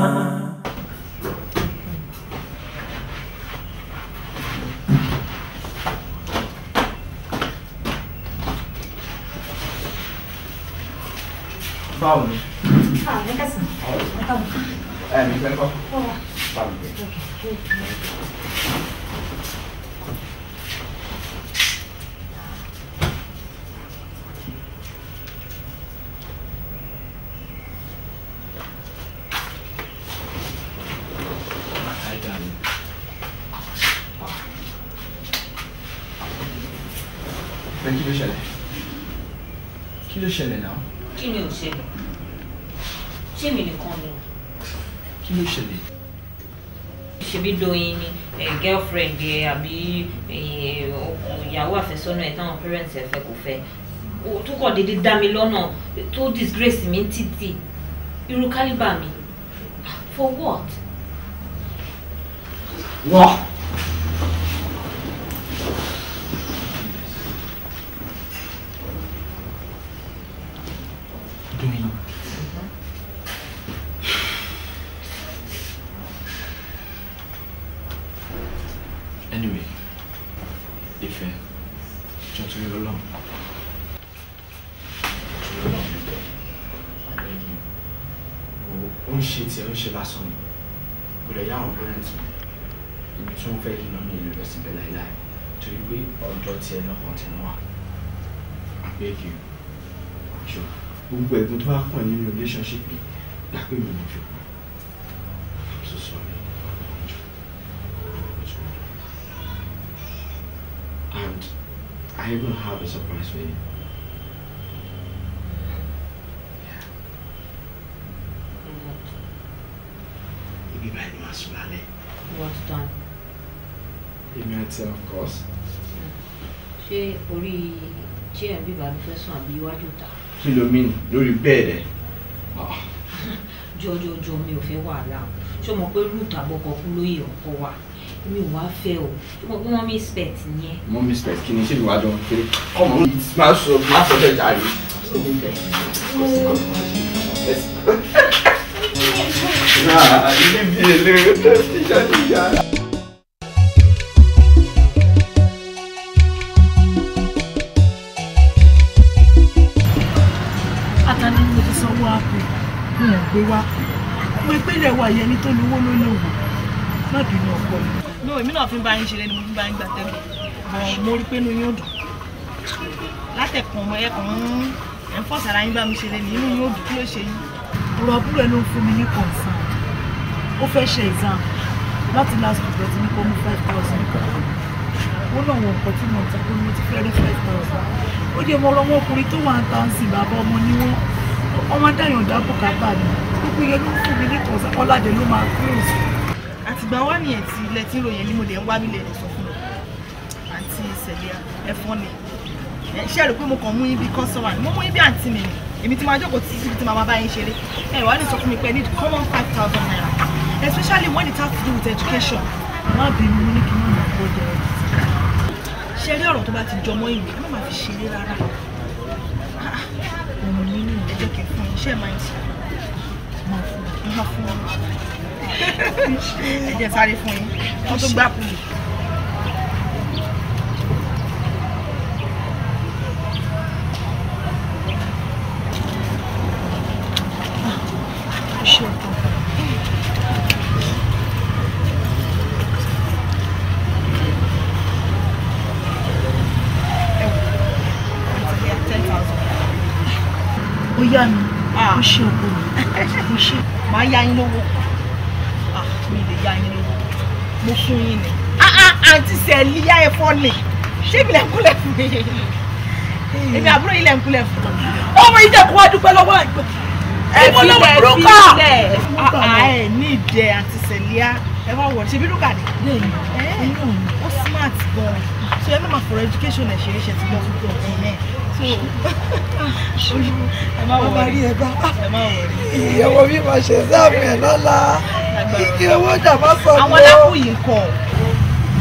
pé kí ló ṣẹlẹ̀ kí ló ṣẹlẹ̀ náà. kí ni ò ṣẹlẹ̀ ṣé mi nìkan ni. kí She be doing a ni girlfriend ẹ àbí ìyàwó àfẹ́sọ́nà ẹ̀ táwọn parents ẹ̀ fẹ́ kò fẹ́ tó kàn déédéé dá mi lọ́nà tó disgrace mi títì irú kálíbà mi for what. wọ́n. Wow. surprise for you. Ibi báyìí ni wàá sùn lálẹ́. What time? Èmi àti of course. Ṣé orí chair bíbá ló fẹ́ sùn àbí iwájú ta? Kí ló mìíní lórí bẹ́ẹ̀dẹ̀? Ah. Jọjọjọ mi ò fẹ́ wàhálà o. Ṣé o mọ̀ pé rúùtù àbọ̀kọ̀ kú lóye ọ̀pọ̀ wa? mi ò wá fẹ́ o tó mọ̀ pé mọ́mí spẹ̀t yẹn. mọ́mí spẹ̀t kí ni ṣé ìwà jọ ń kéré ọmọ mi máa sọ máa sọ bẹ́ẹ̀ jáde ṣé ní bẹ́ẹ̀ kò sí kò sí. náà ilé mi mo ti sanwó àpò mi ò gbé wá mo ìpínlẹ̀ wa yẹn ní tó lówó ló lòwò má bínú ọkọ mi no èmi náà fi ń bá yín ṣeré ni mo fi ń bá yín gba tẹ́lẹ̀ bọ̀ mo rí pé inú yín ò dùn látẹ̀kùn ọmọ ẹ̀kùn ẹ̀ ń fọ̀sára yín bá mi ṣeré ni inú yín ò dùn kí ló ṣe yín. ọ̀rọ̀ àbúrò ẹ̀ ló ń fún mi ní kọ̀ǹsán ó fẹ́ ṣe exam láti last week ọtí ní kó mú five thousand ó náà wọ nǹkan tí mo ta pé mo ti fẹ́ rí five thousand ó dé mo rọwọ́ ọkùnrin tó wà ń ta ń sìn bàbá ọmọ ni wọ́n ọmọ dáyọ̀ dábùkátà ni gbogbo yẹn ló ń fún mi ní kọ̀ǹsán ọ̀làdé ló máa close àtìgbà wá ní ẹ̀tì ilẹ̀ tí ròyìn ni mo lè ń wá nílé rẹ̀ sọ fún mi àǹtí ìṣẹ̀lẹ̀ ẹ̀fọn ni ẹ ṣe rò pé mo kàn mú yín bí kọ́sọ́mà ni mo mú yín bí àǹtí mi ni èmi tí máa jókòó títí tí máa bá yín ṣeré ẹ wá lè sọ fún mi pé need common five thousand naira especially when it has to do with education má bínú ní kí wọ́n máa gbọ́dọ̀ ṣe rí ọ̀rọ̀ tó bá ti jọmọ́ ìwé ẹ má máa fi ṣeré rárá òun nínú ẹjọ́ kẹfún iṣẹ́ máa ń sọ máa fún ọ ẹ jẹ́ sáré fún yín wọ́n tó gbá kùn. Ah, ó yá mi ah. ó ṣe òkú mi ó mo fún yín ni ah, ah, àǹtí sẹ́ẹ̀lì yá ẹ fọ́ lè ṣé ìbílẹ̀ ń kúlẹ̀ fún mi èmi àbúrò ilẹ̀ ń kúlẹ̀ fún mi ọmọ ìjẹ́ kó wá dúpẹ́ lọ́wọ́ àgbẹ̀ ìbò lọ́wọ́ rúkà ẹ ní ìdẹ àǹtí sẹ́ẹ̀lì yá ẹ wá wọ̀ ṣebí rúkà ni ó smart gan so ẹ má máa for education ẹ ṣe é ṣe ti lọ fún gbọ ẹ ẹ má wọrí ẹ má wọrí ìyẹwò mi máa ṣe sáàmì ẹ lọ́la kíkí owó jàmbá sọ ni o. àwọn lápòyè kọ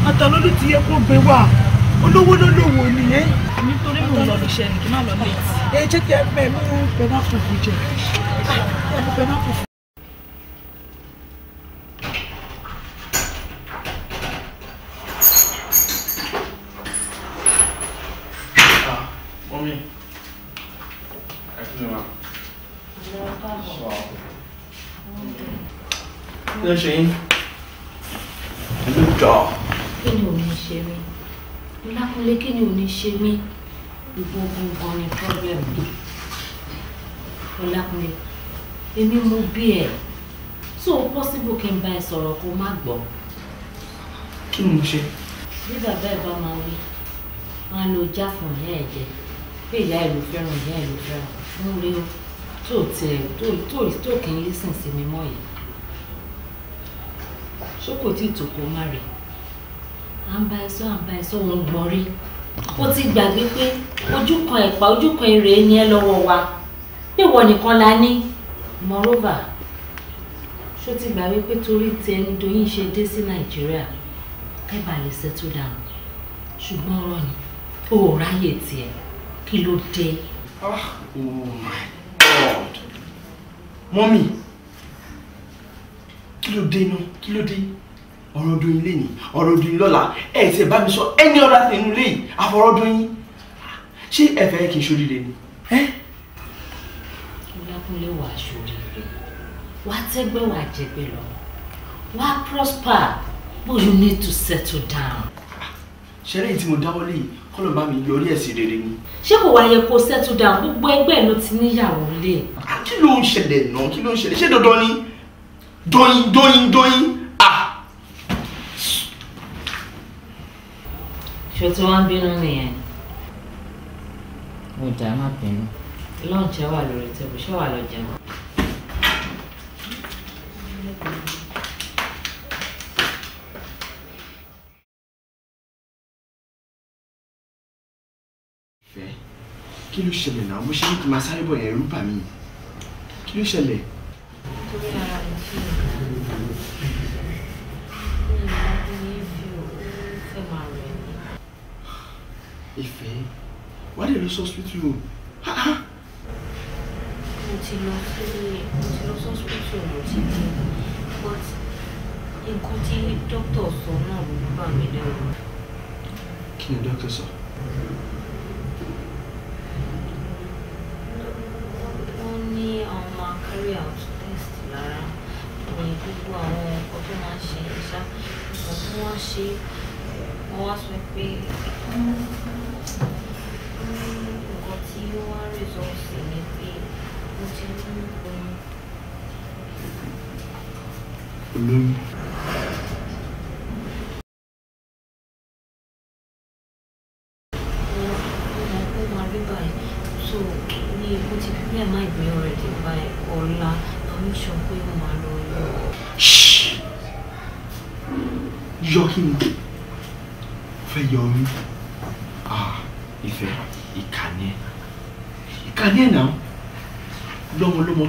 àtàlólú ti yẹ kó gbé wá olówó lólówó nìyẹn. nítorí mò ń lọ níṣẹ́ ni kí n má lọ létí. ẹ jẹ́ kí ẹ bẹ́ẹ̀ mú pẹ̀lú àpò ìjẹ́ ló ṣe yín ìlú jọ. kí ni ò ní ṣe mí Ọlákúnlé kí ni ò ní ṣe mí ìwọ gbọngàn ni problem Ọlákúnlé èmi mo bí ẹ so possible kí n bá ẹ sọ̀rọ̀ kó má gbọ́. kí ni mo ṣe. bí bàbá ẹ bá máa wí wọn á lo jáfùn ìyá ẹ jẹ pé ìyá ẹ ló fẹ́ràn ìyá ẹ ló fẹ́ràn ń rí o tó tẹ tó tó tó kì í lè sìn sí mi mọ́ yìí ṣé kò tí ì tó kó má rè à ń bá ẹ sọ à ń bá ẹ sọ òun gbọ́n rí ó ti gbàgbé pé ojú kan ẹ̀pà ojú kan èrè ni ẹ lọ́wọ́ wa níwọ nìkan la ní moreover ṣó ti gbàgbé pé torí ti ẹni doyin ṣe dé sí nàìjíríà kẹ́bà lè settle down ṣùgbọ́n ọ̀rọ̀ ni o ò ráyè tiẹ̀ kí ló dé. Ah, oh my god mọ́mí kí ló dé inú kí ló dé ọ̀rọ̀ doyin lé ní ọ̀rọ̀ doyin lọ́la ẹ̀ ti bá mi sọ ẹni ọ̀dà tẹ̀ inú léyìí àfọ̀rọ̀ doyin ṣé ẹ fẹ́ kí n ṣoríire ni. ọlákúnlé wàá ṣoríire wàá tẹ́gbẹ́ wàá jẹgbẹ́ lọ wàá prosper but you need to settle down. ṣẹlẹ̀ tí mo dáwọ́ lé yìí kọ́nà bá mi yọrí ẹ̀ sí rere ni. ṣé kò wáyé kó settle down gbogbo ẹgbẹ́ ló ti níyàwó lé. Ah, kí ló ń ṣẹlẹ̀ náà kí ló ń ṣẹlẹ̀ ṣé dandan ni. Doing, doing, doing. ah. ṣé o ti wá ń bínú nìyẹn. mo dá má bínú. lọ́ọ̀nù wà lórí tẹ́bù ṣé wà lọ jẹun. kí ló ṣẹlẹ̀ náà mo ṣe ní kí n máa sáré bọ̀ yẹn rúbà mí kí ló ṣẹlẹ̀. nítorí ara Ìfẹ́, wà lè lọ sọ́spítù o. Mo ti lọ sí mo ti lọ sọ́spítù mo ti dé but nǹkan tí dókítà sọ náà ló bà mí lẹ́rù. Kí ni dókítà sọ? Wọ́n ní àwọn um, máa carry out gbogbo àwọn nǹkan tó máa ń ṣe yẹn ṣá nǹkan tí wọ́n ṣe eh, wọ́n wá sọ pé nǹkan tí ó wá rìsọ́ọ̀sì ni pé mo ti ní oyún.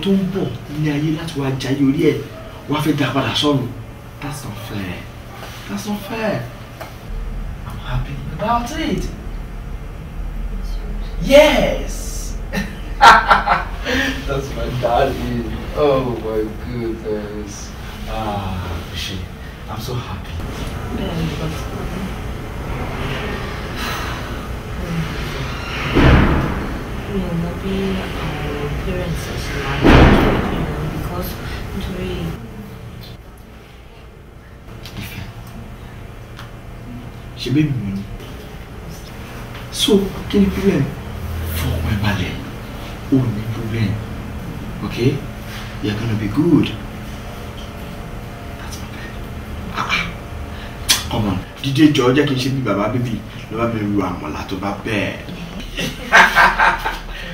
tó ń bọ̀ nílé ayé láti wá jayé orí ẹ̀ wá fẹ́ dá padà sọ́run that's not fair that's not fair I'm happy about it yes that's my daddy. oh my goodness ah she I'm so happy. bẹ́ẹ̀ni but mi ò mọ bí àwọn parents ṣe máa ń because nítorí. ìfẹ́ ṣe bébì mi so can you problem For my balẹ̀ ó ní problem okay you're gonna be good that's my bad ah, ah come on dídé jọ jẹ́ kí n ṣe bí bàbá bíbí ló bá mi ru àmọ̀là tó bá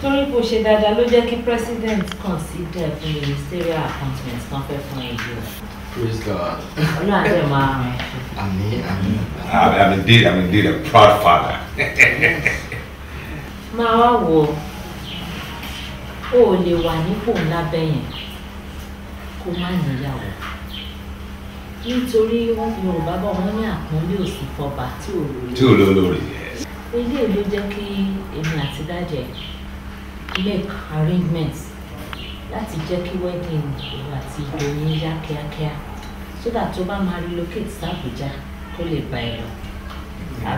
torí kò ṣe dáadáa ló jẹ́ kí president consider fún ministerial appointment kan fẹ́ fún èyí praise God. ọlọ́run àti ẹ̀ma rẹ̀. I'm indeed I'm indeed a proud father. máa wá wo. ó ò lè wà nípò ńlá bẹ́yẹn kó má níyàwó nítorí yorùbá bọ̀ wọ́n ní àpọ́nlé òsì fọba tí ò lóore. ilé ìlú jẹ́ kí èmi àti dájẹ́ lẹ̀ arrangement láti jẹ́ kí wedding òun àti ìgbòyìn yá kíákíá so that tó bá máa relocate sí Àbújá kó lè bá ẹ lọ.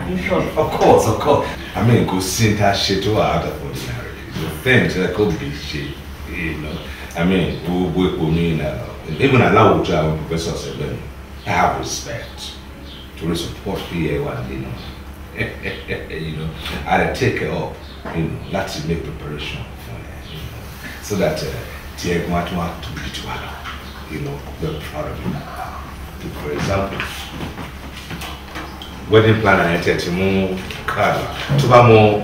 you sure? Of course, of course. I mean, go sí that shit. tó wà out of ordinary. The things that could be shit. you know. I mean, we we mi na even aláwùjọ àwọn professors ẹgbẹ́ mi, I have respect to support bí ẹ you know. You know, I take it up láti make preparation fún ẹ so that uh, tí ẹ̀gbọ́n á tún wá tóbi jù wá lọ you know we're proud of you for example wedding planner yẹn tẹ̀ ti mú card wa tó bá mọ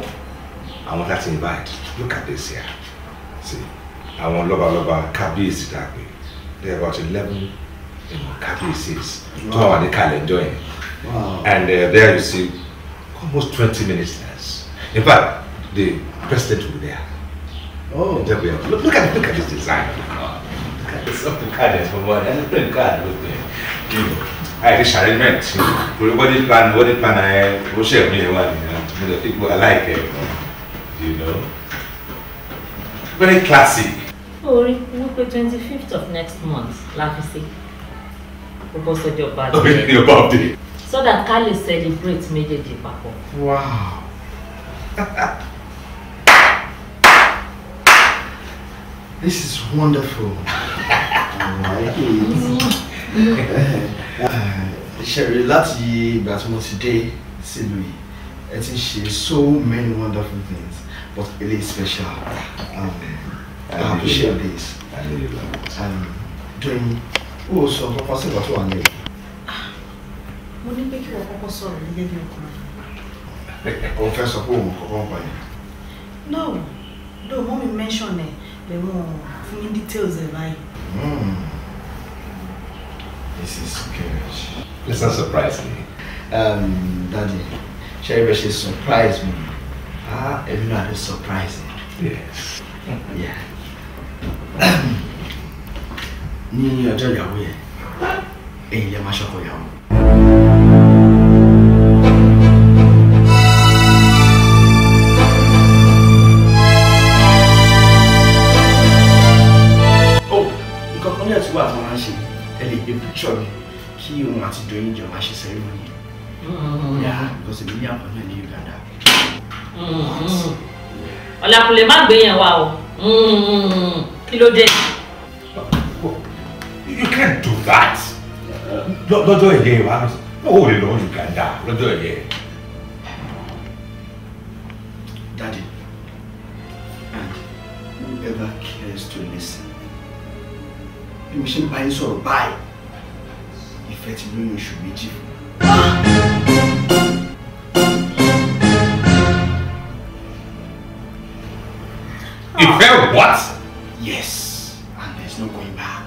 àwọn láti invite look at this here see àwọn lọ́balọ́ba kábíyèsí dàgbé there are about eleven you know, kábíyèsí tó wà ní kàlẹ́ńdọ̀ yẹn and uh, there you see almost twenty ministers in fact the president will be there. Oh. Look, look, at, look at this design. Look at this open card is for one. And open card with the, you know, I this arrangement. What did plan, what did plan I, who oh, share me one, you know, people alike, you know. Very classy. Oh, look, the 25th of next month, la fi ṣe. Proposal your birthday. your birthday. So that ká lè celebrate méjèèjì papọ̀. Wow. This is wonderful. Sherry, láti ìgbà tí mo today. dé sílùú yìí, ẹ ti ń so many wonderful things, but it is special. Um, I appreciate this. I o sọ kọ́kọ́ sí ìgbà tó wà ní ẹ̀kọ́. Mo ní pé kí wọ́n kọ́kọ́ sọ̀rọ̀ gẹ́gẹ́ bí ọkùnrin. Òun fẹ́ sọ pé òun kọ́kọ́ ń pa yẹn. No, mommy mentioned. it bẹ́ẹ̀ fún mi details ẹ̀ báyìí. Hmm. this is good It's not surprising. um, daddy ṣe é bẹ ṣe me ah èmi náà dey surprise me. yes. yeah. ní ọjọ́ ìyàwó yẹn èyí lè máa ṣọkọ ìyàwó. kí òun do Doyin jọ máa ṣe ceremony mm-hmm. yeah because èmi ní àpọ̀ náà ní Uganda. Mm-hmm. Ọlákùnlé má gbé yẹn o mm-hmm. kí ló dé. you can't do that lọ́jọ́ ẹ̀yẹ wa ó lè lọ Uganda lọ́jọ́ ẹ̀yẹ. Daddy, and whoever cares to listen, bí mo ṣe ń bá yín sọ̀rọ̀ báyìí ẹ ti lóyún oṣù méjì Ìfẹ́ what? Yes, and there's no going back.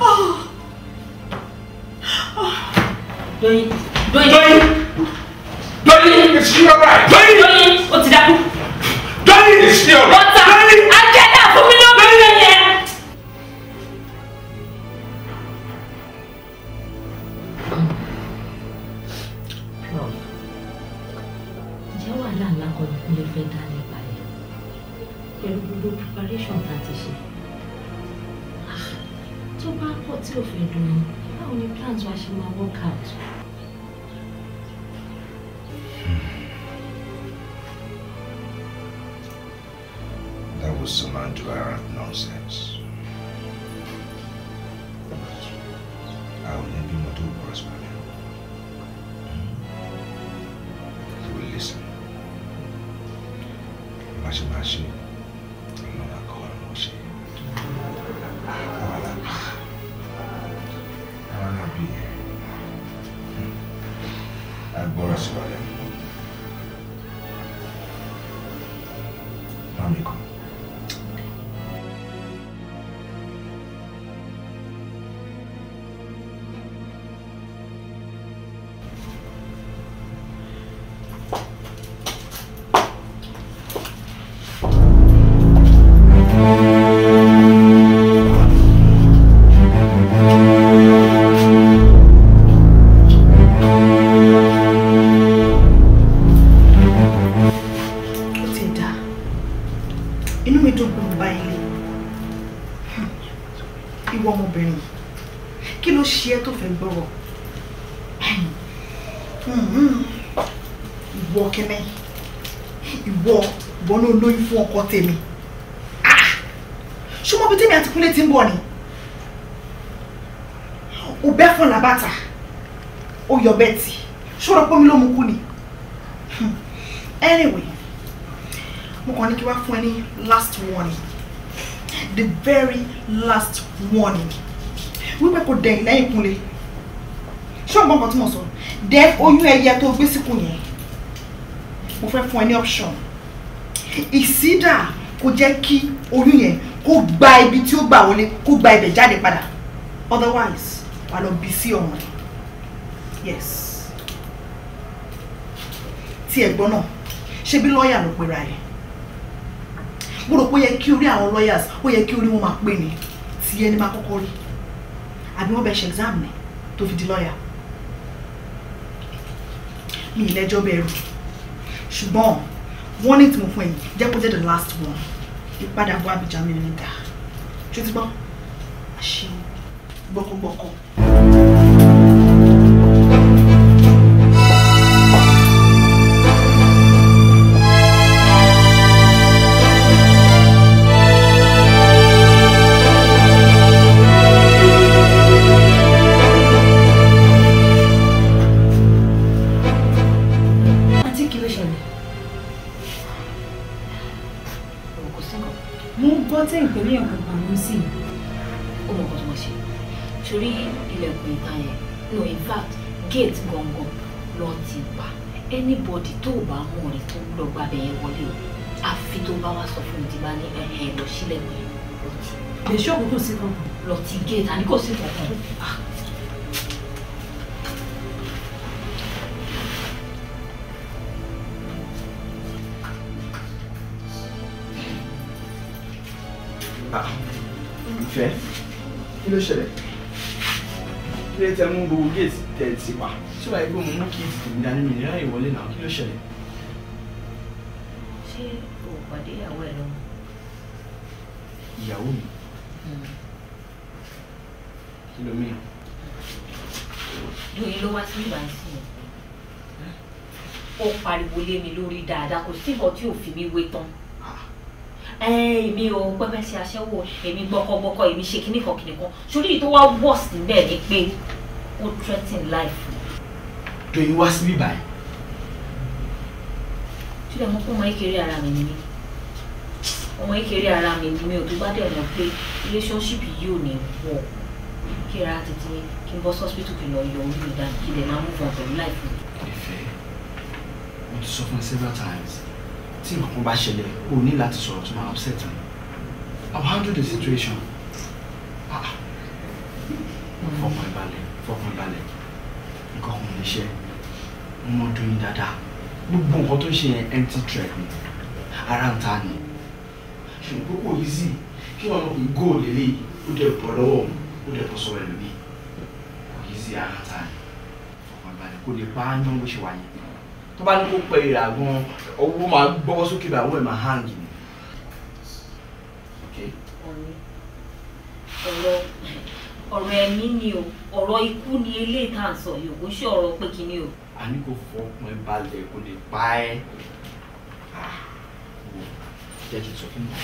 Oh. Oh. Doyin, Doyin, Doyin, Doyin, is she alright? Doyin, Doyin, ó ti dákú. Doyin, is she alright? Water, work out. Hmm. That was some antivirant nonsense. ìwọ kẹmẹ ìwọ ìwọ ló lóyún fún ọkọ tèmi ah! ṣùgbọ́n bí tèmi àti kúnlé ti ń bọ̀ ni ò bẹ́ fún làbàtà ó yọ bẹ́ẹ̀ tì ṣọ́rọ̀ pọ́nmi ló mú kú ni anyway mo kàn ní kí wá fún ẹ ní last warning the very last warning wípé kò dẹ̀yìn lẹ́yìn kúnlé ṣé ọgbọ́n kan tí mo sọ then oyún ẹyẹ tó gbé síkùn yẹn mo fẹ́ fún ẹ ní option ìsídà kò jẹ́ kí oyún yẹn kó gba ibi tí ó gbà wọlé kó gba ibẹ̀ jáde padà otherwise wà lọ bí sí ọmọ rẹ yes tí ẹ̀gbọ́n náà ṣe bí lọ́ọ̀yà ló pera ẹ̀ mo rò pé ó yẹ kí orí àwọn lawyers ó yẹ kí orí wọn máa pè ní tí ẹni máa kọ́kọ́ rí àbí wọ́n bẹ ṣe exam ni tó fi di lọ́ọ̀yà mi ìlẹ́jọ́ bẹ̀rù ṣùgbọ́n warning tí mo fún yìí jẹ́ kó jẹ́ the last one ìpadàbọ̀ Abidjan mi ò ní dà ṣé ti gbọ́ àṣẹ gbọ́kọ̀gbọ́kọ̀. àníyàn kankan ló sì. ó mọ nǹkan tó mọ̀ ṣe torí ilẹ̀kùn ìta yẹn no in fact gate gangan ló ti wà anybody tó o bá mọ̀ rí tó lọ gba abẹ yẹn wọlé o àfi tó bá wá sọ fún mi ti bá ní ẹ̀hẹ̀ lọ sílẹ̀kùn yẹn lọ ti. lè ṣọ́ọ̀bù kò sí kankan. lọ ti gate àní kò sí kankan. Ah. ló ṣẹlẹ̀ kí ló tẹ mú gbogbo géètì tẹ̀ ti wà tí wàá gbé òun mú kí ètò ìdá nínú ìrírá ìwọlé náà kí ló ṣẹlẹ̀. ṣé o pàdé ìyàwó ẹ lọ. ìyàwó mi hmm. kí ló mí. dùn yín ló wá sí ìbánisí mi ó pariwo lé mi lórí dáadáa kò sí nǹkan tí ò fi mi wé tán èmi ò pẹ́pẹ́ ṣe aṣẹ́wó èmi gbọ́kọ́gbọ́kọ́ èmi ṣe kíní kan kíní kan ṣorí yìí tó wá worst níbẹ̀ ni pé ó threaten life. Doyin wá síbí báyìí. Ṣúlẹ̀ mo fún ọmọ ìkéré ara mi ni ọmọ ìkéré ara mi ni mi ò tó bá mọ̀ pé relationship yìí ò ní wọ̀ kí ara kí n bọ́ hospital kí n lọ yọ orí mi dànù kí n lè máa move on pẹ̀lú life mi. Ìfẹ́ mo ti sọ fún ẹ several times tí nǹkan kan bá ṣẹlẹ̀ o ní láti sọ̀rọ̀ tó máa upset mi I will handle the situation ah, ah. fọkàn ìbalẹ̀ fọkàn ìbalẹ̀ nǹkan kan lè ṣe mo dùn yín dáadáa gbogbo nǹkan tó ń ṣe yẹn empty threat ni ara ń ta ni ṣùgbọ́n gbogbo yìí sì kí wọn lọkùnrin góò lélẹ̀ ó dẹ̀ bọ́ lọ́wọ́ ó dẹ̀ bọ́ sọ́wọ́ ẹlòmíì kò yìí sì ara ń ta ni fọkàn ìbalẹ̀ kò lè pa á yán bó ṣe wà yẹn tó bá ní kó pẹ ìrà gan owó máa gbọ́wọ́ sókè bá àwọn máa hàn yìí. ọ̀rọ̀ ẹ̀mí ni o ọ̀rọ̀ ikú ni eléyìí tá à ń sọ yìí kò ṣe ọ̀rọ̀ pé kíní o. a ní kò fọ ọkùnrin balẹ̀ kò lè pa ẹ́ ah, jẹ́ kí n sọ fún mi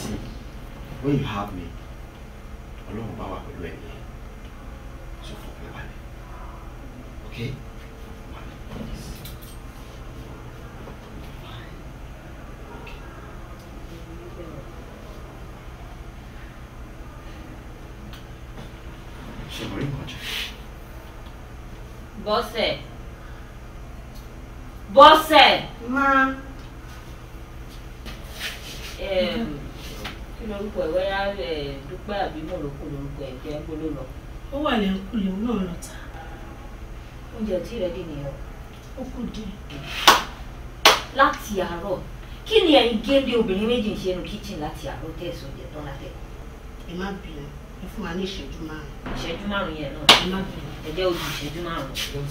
sí when you have me ọlọ́run bá wà pẹ̀lú ẹ̀mí sọ fún ọkùnrin balẹ̀ okay. bọ́sẹ̀ bọ́sẹ̀ má kí lorúkọ ẹ̀ wẹ́yà dúpẹ́ àbí mòrókò lorúkọ ẹ̀ jẹ́ gbóló lọ. ó wà lẹ́kùlé òun náà lọ́ta. oúnjẹ tí rẹ dì nìyẹn ó kù díẹ̀. láti àárọ̀ kí ni ẹ̀yin géńdé obìnrin méjì ń ṣe nu kíchìn láti àárọ̀ tẹ̀sán oúnjẹ tán ẹ má bínú ẹ fún wa ní ìṣẹ́jú márùn-ún. ìṣẹ́jú márùn-ún yẹn náà. ẹ má bínú. Ele é o DJ do Malandro.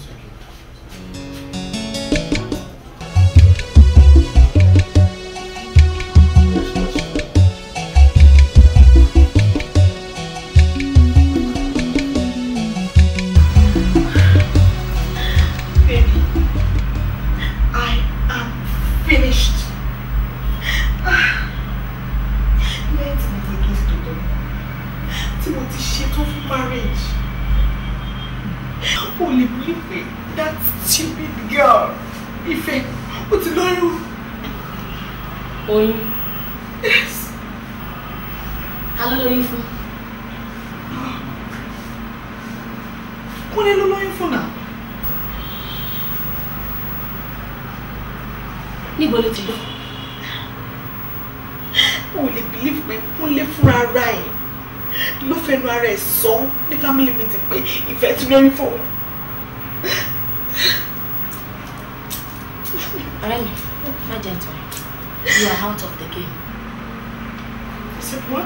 foi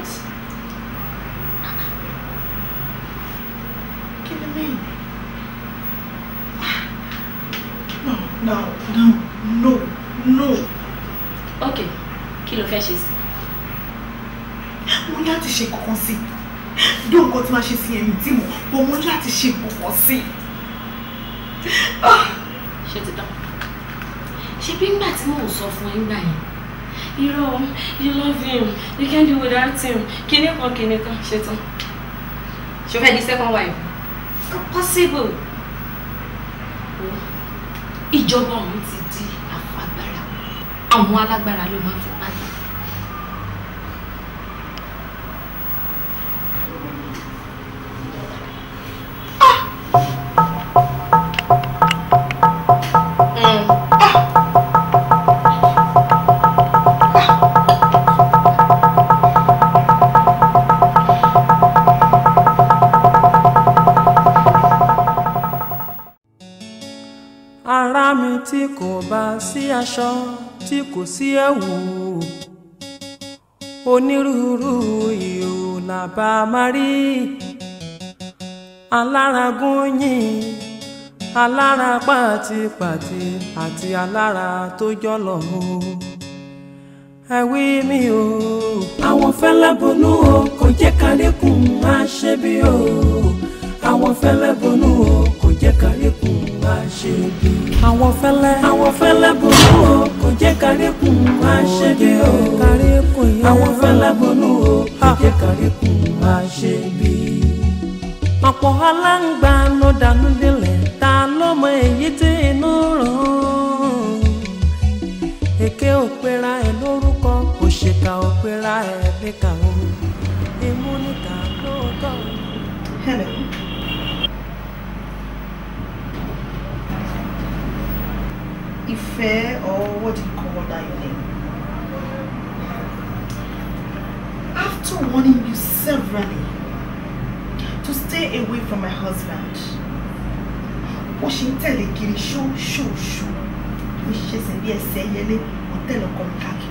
what? What me. No, no, no, no, no. Okay, kí lo fẹ́ ṣe sí? Mo ní láti ṣe kankan sí. Dó nǹkan tí máa ṣe sí ẹ̀yìn tí mo, bò mo ní láti ṣe kankan sí. Ṣé ti tán? Ṣé bí ńgbà tí mò ń sọ fún you know you love him you can't do without him kíní kan kíní kan ṣetán. ṣe fẹ́ di second wife. it's not possible. ìjọba ọ̀hún ti di àfagbára àwọn alágbára ló máa ń fẹ́. aṣọ tí kò sí ẹ̀wù onírúurú ìhò làbá máa rí aláragúnyìn alára pàtìpàtì àti alára tó jọlọ o ẹ wí mi o. àwọn fẹ́lẹ́ bonú o kò jẹ́ káríkùn máa ṣe bí o àwọn fẹ́lẹ́ bonú o kò jẹ́ káríkùn má ṣe bí. àwọn fẹ́lẹ́ àwọn fẹ́lẹ́ bonú o kò jẹ́ kárékùn má ṣe bí o kárékùn yẹn àwọn fẹ́lẹ́ bonú o kò jẹ́ kárékùn má ṣe bí. ọ̀pọ̀ aláǹgbá ló dànù délẹ̀ ta ló mọ èyí tí inú ràn án. èké òpera ẹ̀ lórúkọ kò ṣèkà òpera ẹ̀ níkà o. èmú níkà lóòótọ́. hello. fair or what do you call that your name? After warning you severally to stay away from my husband, ó ṣe ń tẹ̀lé kiri ṣóṣóṣó ó ṣe ṣe bí ẹsẹ̀ yẹlé ó tẹ̀lé ọkọ mi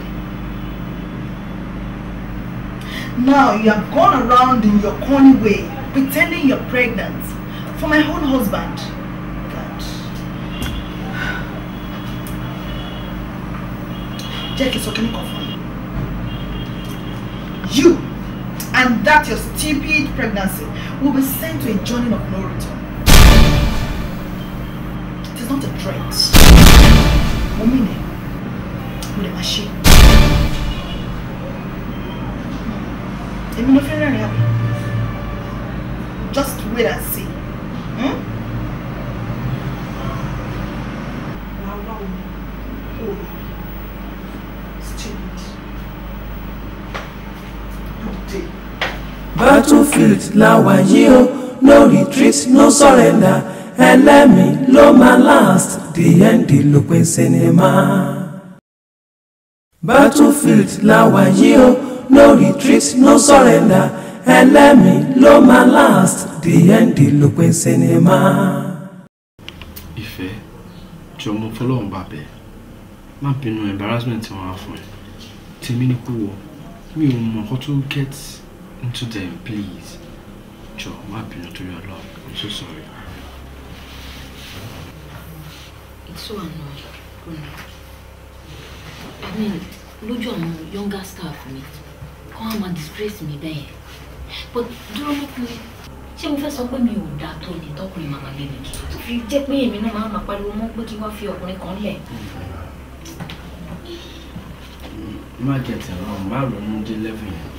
Now you have gone around in your corny way pretending you're pregnant for my own husband. jẹ́ kí n sọ kíní kan fún mi you and that your stupid pregnancy will be sent to a journey of no return it is not a threat mo mean it mo lè má ṣe èmi ló fi rẹ́rìn-ín àbí just wait and battlefield làwà yìí o no retreat no surrender ẹlẹ́mìí ló máa last the end lópin sinimá. battlefield làwà yìí o no retreat no surrender ẹlẹ́mìí ló máa last the end lópin sinimá. ìfẹ́ jọ mo fọlọ́run bàbẹ̀ má bínú embarrassment wọn á fún ẹ tèmi ni kú wọ mi ò mọ̀ ọkọ tó get into them please jọ má bínú torí love. i'm so sorry. it's so annoying i mean lójú àwọn younger staff mi kọ́ àwọn máa disgrace me bẹ́ẹ̀ but dúró lọ́kùnrin ṣé mo fẹ́ sọ pé mi ò dáa tó ni tọkùnrin màmá bèbè tó fi jẹ́ pé èmi náà máa máa pariwo mọ́ pé kí wọ́n fi ọkùnrin kan lẹ̀. má jẹ tẹ̀lé get má ronú dé lẹ́fù yẹn.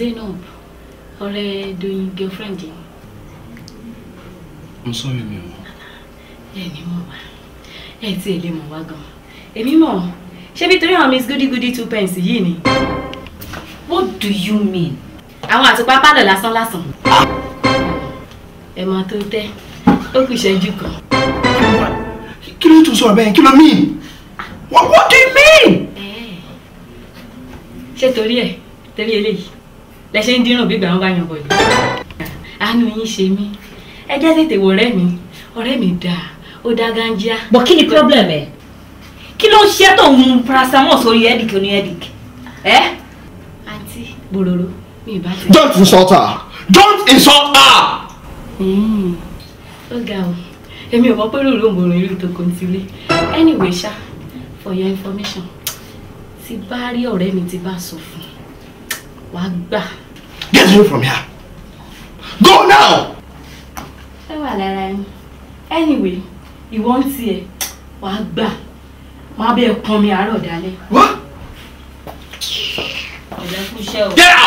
Zainab ọ̀rẹ́ Doyin girlfriend I'm sorry mi Any more? ní mọ̀ wá ẹ tí ẹ lè mọ̀ wá gan. èmi mọ̀ ṣé miss goody goody two pence yìí what do you mean. I want to lásán lásán. ẹ mọ tó tẹ́ ó kù ìṣẹ́jú kan. kí ló tún sọ̀rọ̀ bẹ́ẹ̀ kí ló mean what, what do you mean. ṣé torí ẹ torí eléyìí lẹ́sẹ̀ ń dírùn bí ìgbà wọn bá yan bọ̀dọ̀ àánú yín ṣe mí ẹ jẹ́ tètè wọ ọ̀rẹ́ mi ọ̀rẹ́ mi dáa ó dá gánjá. bọ̀ kí ni problem ẹ̀ kí ló ń ṣe tó ń mu paracetamol sórí headache oní headache ẹ́. àǹtí bòròrò mi ì bá ti. don't insult her don't insult her. Hmm. ó ga o èmi ò mọ pé lóòrò òmòrò ìlú tó ti lé anyway ṣá for your information ti bá rí ọ̀rẹ́ mi ti bá sọ fún un wàá get away from here go now. anyway you won't see. wàá gbà wàá bẹ pọn mi àárọ̀ dalẹ́. ọ̀dà kú iṣẹ́ o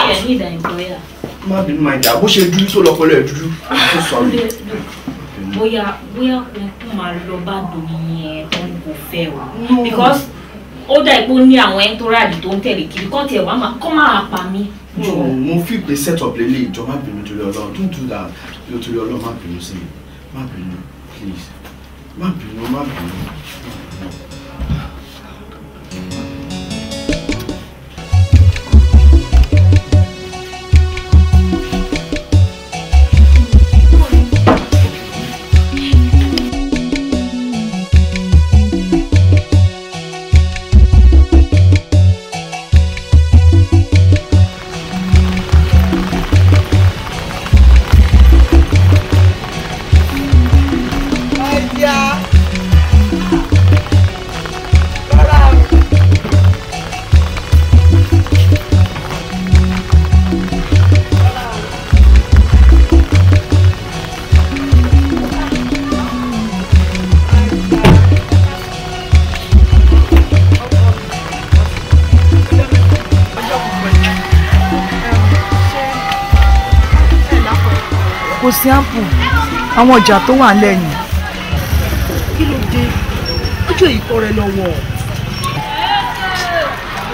ẹ̀ ní ìdá ìgbọ́yà. má bínú máa jà bó ṣe dúdú tó lọ́pọ̀lọ́ ẹ̀ dúdú ó sọ mi. bóyá bóyá kó máa lọ bá doyin because ó dà pé ó ní àwọn ẹntúráàdì tó ń tẹ̀lé kiri kọ́ tiẹ̀ wá máa kọ́ máa pa mí. jọ mo fi gbé set up lélẹ̀ ìjọ má bínú torí Ọlọ́run don't do that torí Ọlọ́run má bínú sí mi má bínú please má bínú má bínú. àwọn ọjà tó wà lẹ́yìn. kí ló dé ojú èyí kọ́ rẹ lọ́wọ́.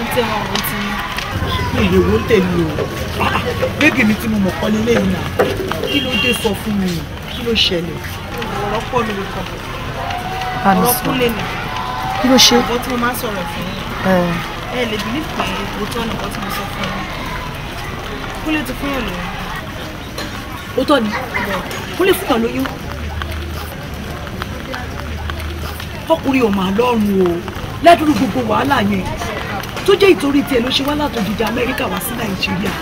ó tẹ́ wọn wọ́n ti ní. èyí wo ń tèmi o bébì mi tí mo mọ̀ kọ́lé lẹ́yìn náà kí ló dé sọ fún mi kí ló ṣẹlẹ̀. ọ̀rọ̀ pọ̀ ló kọ̀ ọ̀rọ̀ kúlẹ̀ mi. kí ló ṣe. ọ̀rọ̀ tí mo máa sọ̀rọ̀ fún yín. ẹ lè bí pé òótọ́ nìkan tí mo sọ fún yín kúlẹ̀ ti fún yàn lóyún. òótọ́ ni kó lè fúnyàn lóyún ọkùnrin ò mà lọ́rùn o ládùúrú gbogbo wàhálà yẹn tó jẹ́ ìtorí tiẹ̀ ló ṣe wá látòjìjà amẹ́ríkà wá sí nàìjíríà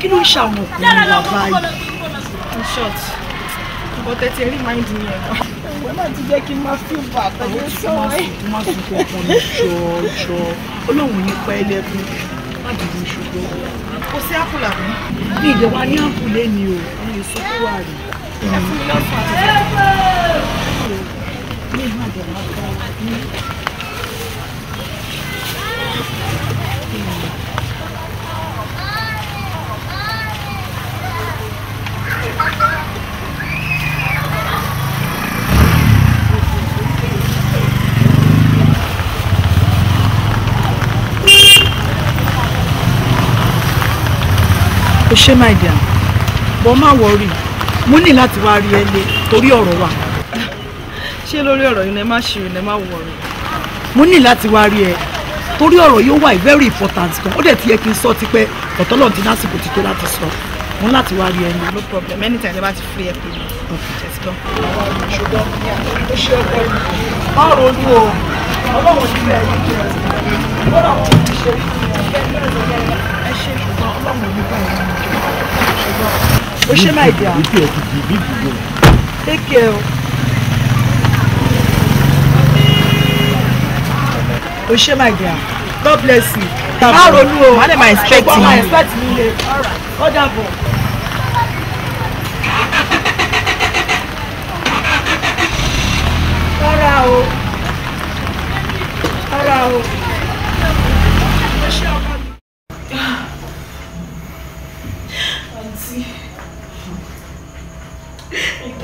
kí ló ń ṣàwọn ọkùnrin wà báyìí but ẹ ti rí mind mi ẹ̀ náà. Ìwọ náà ti jẹ́ kí n máa feel bad pẹ̀lú sọ́ọ̀rì. Mo máa sùn fún ọkàn mi ṣọ́ọ̀ṣọ́. Ọlọ́run ní pa ẹlẹ́kùn. Má dìbò ṣùgbọ́n. Kò sí ápùlà mi. Ní ìjọba ní ápùlé ni o ní sókè wà rí ẹ fún mi bọ́ má wọrí mo ní láti wá rí ẹ lé torí ọ̀rọ̀ wa. ṣé lórí ọ̀rọ̀ yìí ni ẹ má ṣe ẹ má wọrí. mo ní láti wá rí ẹ torí ọ̀rọ̀ yóò wà very important kan ó dẹ̀ ti yẹ kí n sọ tipẹ́ ọ̀tọ́lọ́run ti lásìkò ti tó láti sọ mo láti wá rí ẹ lé. no problem anytime ẹ bá ti free ẹ pè mí. ṣùgbọ́n ó ṣe ọkọ má ronú o ọlọ́run ti rẹ̀ yìí jẹ́ ọ̀rọ̀ àwọn ọmọ ìṣe ẹ ṣe ṣùgbọ́n ọlọ́run ò ní bá ẹ̀ ṣùgbọ́n o ṣe máa dì àwọn. take care o. o ṣe máa dì àwọn. God bless you. má ronú o wọ́n lè máa expect mi. wọ́n expect mi le ó dàbọ̀. rárá o rárá o.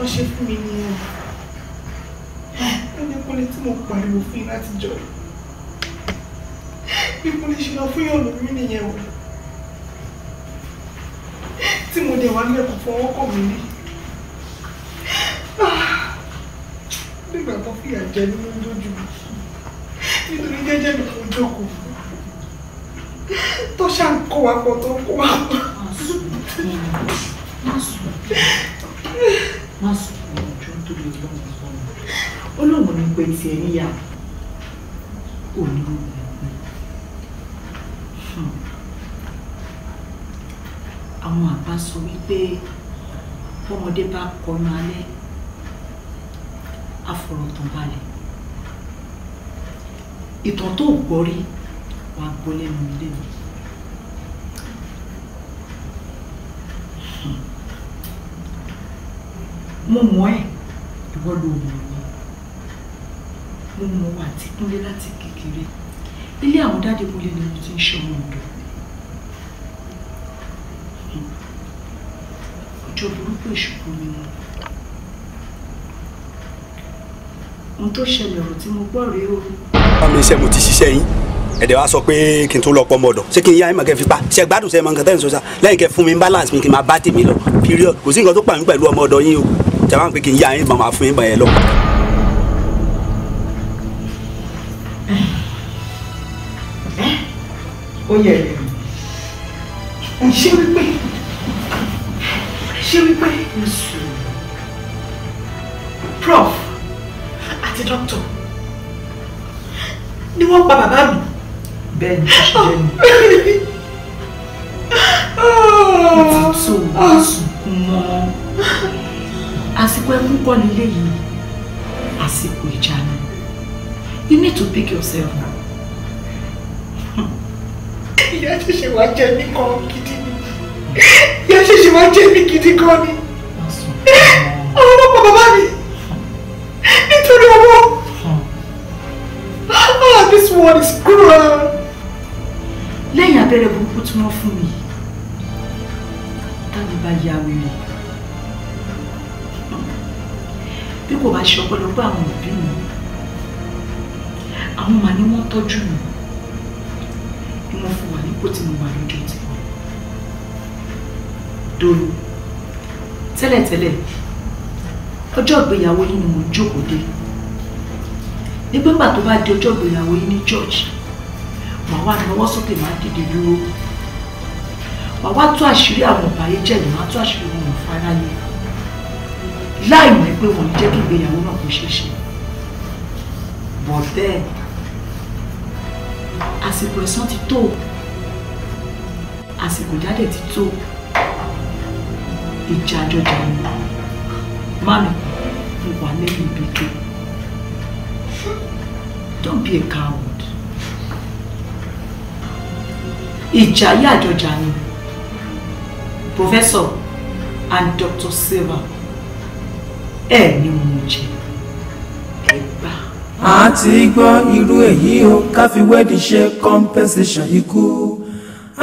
tó ṣe fún mi nìyẹn ẹni kúnlẹ̀ tí mo pariwo fún yín láti jọ bí kúnlẹ̀ ṣe lọ fún yàn lórí nìyẹn o tí mo dẹ̀ wá lẹ́kọ̀ọ́ fọwọ́ kọ̀ mí ní nígbà tó fìyà jẹ nínú lójú nítorí jẹ́jẹ́ mi kò jókòó tó ṣá ń kó wa pọ̀ tó ń kó wa pọ̀ má sùn ojú tó lè lọ́wọ́ sọ́nà ó lóun ní pé tiẹ̀ níyà olóògùn hmm. àwọn àbá sọ wípé bọ́mọdé bá kọnu alẹ́ afọ̀rọ̀tàn balẹ̀ ìtàn tó gbọ́ rí wàá gbọ́ lẹ́nu lẹ́nu. mo mọ̀ ẹ́ ìwọ ló mọ̀ mi mo mọ̀ wà tí kúnlé láti kékeré ilé àwọn dáàdì kúnlé ni mo ti ń ṣe ọmọ ọ̀dọ̀ ọjọ́ burúkú ìṣubú mi mọ̀ ohun tó ṣẹlẹ̀ ọ̀rọ̀ tí mo gbọ́ rèé o. báwo ni iṣẹ́ mo ti ṣiṣẹ́ yín ẹ̀dẹ̀ wa sọ pé kí n tó lọ pọ́ mọ́dọ̀ ṣé kí n yá ẹ̀ mọ̀ kẹ́ fi pa ṣe gbádùn ṣe mọ̀ nǹkan tẹ́ ń sọ sa lẹ́yìn kẹ́ fún mi balance mi kí n máa bá tèmi lọ period kò sí nǹkan tó pàmí pẹ̀lú ọmọ ọ̀dọ̀ yín o jàmbá pé kí n yá yín màmá fún yín bàyẹn lọ. ó yẹ ẹ ṣé wípé ṣé wípé prof àti doctor ni wọ́n pa bàbá mi. bẹ́ẹ̀ ni ṣe bẹ́ẹ̀ ni ó ah. ti tó ó sùn mọ́ àsìkò ẹkún kọ́ ni yìí àsìkò ìjà ni you need to pick yourself up. ìyá ṣẹ̀ṣẹ̀ wá jẹ́ mí kan gidi ni ìyá ṣẹ̀ṣẹ̀ wá jẹ́ mí gidi kan ni àwọn ọmọ bàbá mi nítorí owó ah this one is cruel. lẹ́yìn abẹ́rẹ́ burúkú tí wọ́n fún mi tábìlì bá yá wẹ̀rẹ̀. kò bá ṣe ọ̀pọ̀lọpọ̀ àwọn òbí mi àwọn màá ní wọ́n tọ́jú mi ni wọ́n fún wa nípò tí mo wà lójú ti wọn dolo tẹ́lẹ̀tẹ́lẹ̀ ọjọ́ ìgbéyàwó yìí ni mo jókòó dé nígbàgbà tó bá di ọjọ́ ìgbéyàwó yìí ní church màá wá náwó sókè máa dìde dúró màá wá tú àṣírí àwọn ọ̀bàyéjẹ́ yìí màá tú àṣírí wọn ò fara lé láì mọ̀ pé wọ́n jẹ́ kí ìgbéyàwó náà kò ṣeé ṣe bọ̀dẹ́ àsìkò ẹ̀san ti tó àsìkò jáde ti tó ìjà àjọjà ni mami mo wà lẹ́yìn ìbíkẹ́ don't be a coward ìjà ayé àjọjà ni professor and Doctor silva ẹ̀ ní mo jẹ ẹ gbà. a ti gbọ́ irú èyí o ká fi wẹ́ẹ̀dì ṣe compensation ikú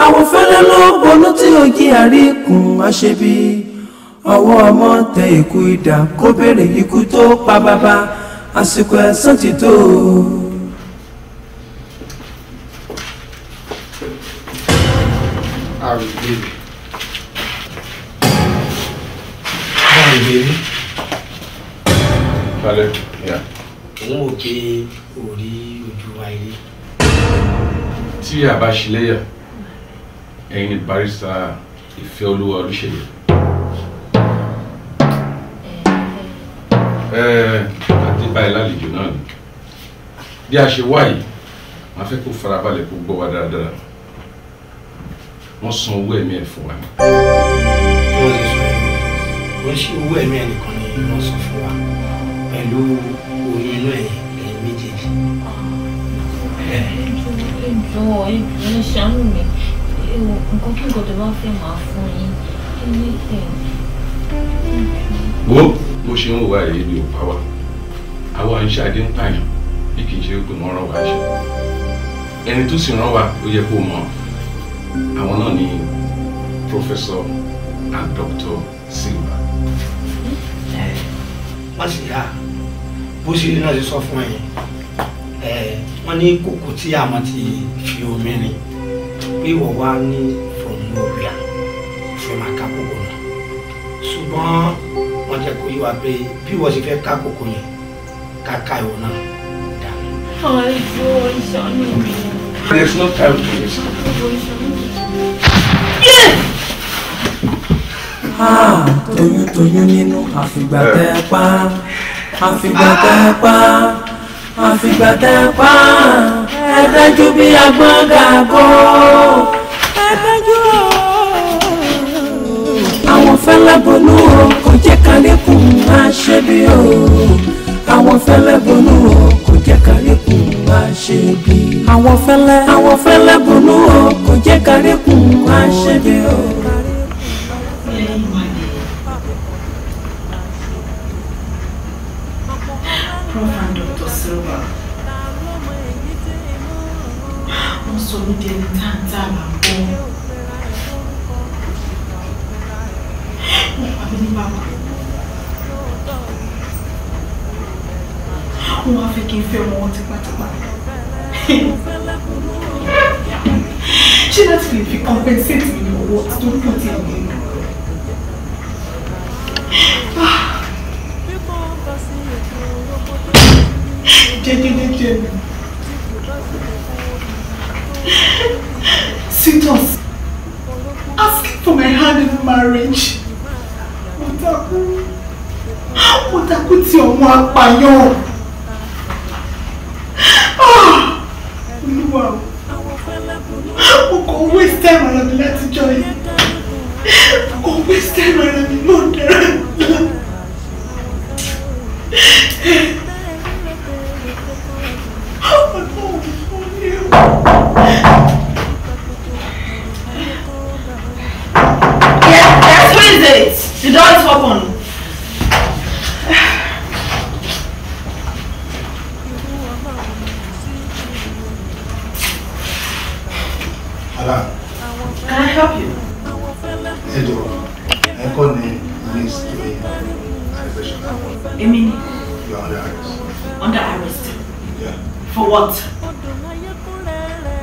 àwọn fẹ́lẹ́ ló bonú tí ògì àríkùn àṣebí ọwọ́ ọmọ tẹ ikú idà kó béèrè ikú tó pa bàbá àsìkò ẹ̀san ti tó o. Harry, kalẹ̀. òun ò pé orí ojú wa ilé. tí a bá ṣílẹ́yà ẹ̀yin barista ìfẹ́ olúwa olùṣèlú. àti báyìí lálejò náà ni bí a ṣe wá yìí màá fẹ́ kó farabalẹ̀ kó gbọ́ wa dáradára wọ́n san owó ẹ̀mí ẹ̀ fún wa. wọ́n ti sọ ẹ̀ wọ́n ṣe owó ẹ̀mí ẹ̀ nìkan ni wọ́n san fún wa pẹ̀lú oyún inú ẹ̀ ẹ̀ méjèèjì. ìjọ ìjọ ẹ ṣàánú mi nǹkan kí nǹkan tó bá fẹ́ máa fún yín wo bó ṣe ń wà èyí ni ò bá wa àwa ń ṣàdé ń pààyàn bí kì í ṣe pé wọ́n rán wa ṣe ẹni tó sì rán wa ó yẹ kó mọ̀ àwọn náà ni Professor and Doctor Silva má sì yá bó ṣe rí náà ṣe sọ fún ẹ wọ́n ní kòkó tí àwọn ti fi omi ni pé ìwọ wá ní from nowhere fẹ́ máa ká kókó náà ṣùgbọ́n wọ́n jẹ́ kó yíwa pé bí wọ́n ṣe fẹ́ ká kókó yẹn ká ká ìwọ náà dànù. ọjọ́ ìṣàánú mi. There's no time to waste. Ah, toyúntoyún nínú àfìgbà tẹ ẹ pa àfìgbà tẹ ẹ pa àfìgbà tẹ ẹ pa ẹ dájú bí agbọ́n gàgó ẹ dájú o. àwọn fẹ́lẹ́ bonú o kò jẹ́ ká lékun ṣe bí o àwọn fẹ́lẹ́ bonú o kò jẹ́ ká lékun ṣe bí. àwọn fẹ́lẹ́ àwọn fẹ́lẹ́ bonú o kò jẹ́ ká lékun ṣe bí o. sọ mí di ẹni tá ń tà là ń bọ́. wọ́n pa mí ní bàbá. wọ́n wá fẹ́ kí n fẹ́ wọn tipátipá. ṣé láti lè fi compensate mi ní owó tó ń pọ̀ tí ẹ̀ ń lò. Jẹ́ jẹ́ jẹ́ jẹ́ mi. Sitos, asking for my hand in marriage. Mutaku, Mutaku ti ọmọ apàyàn. Ah! Olúwa o, mo kàn waste time ara mi látijọ́ yìí. Mo kàn waste time ara mi náà dára. The door is open. Alan. Can I help you? Ẹ jọ̀ọ́, ẹ kọ́ ni Miss Kiri Adébẹ́sọ̀lá. Èmi ni. under arrest. Under arrest? Yeah. For what?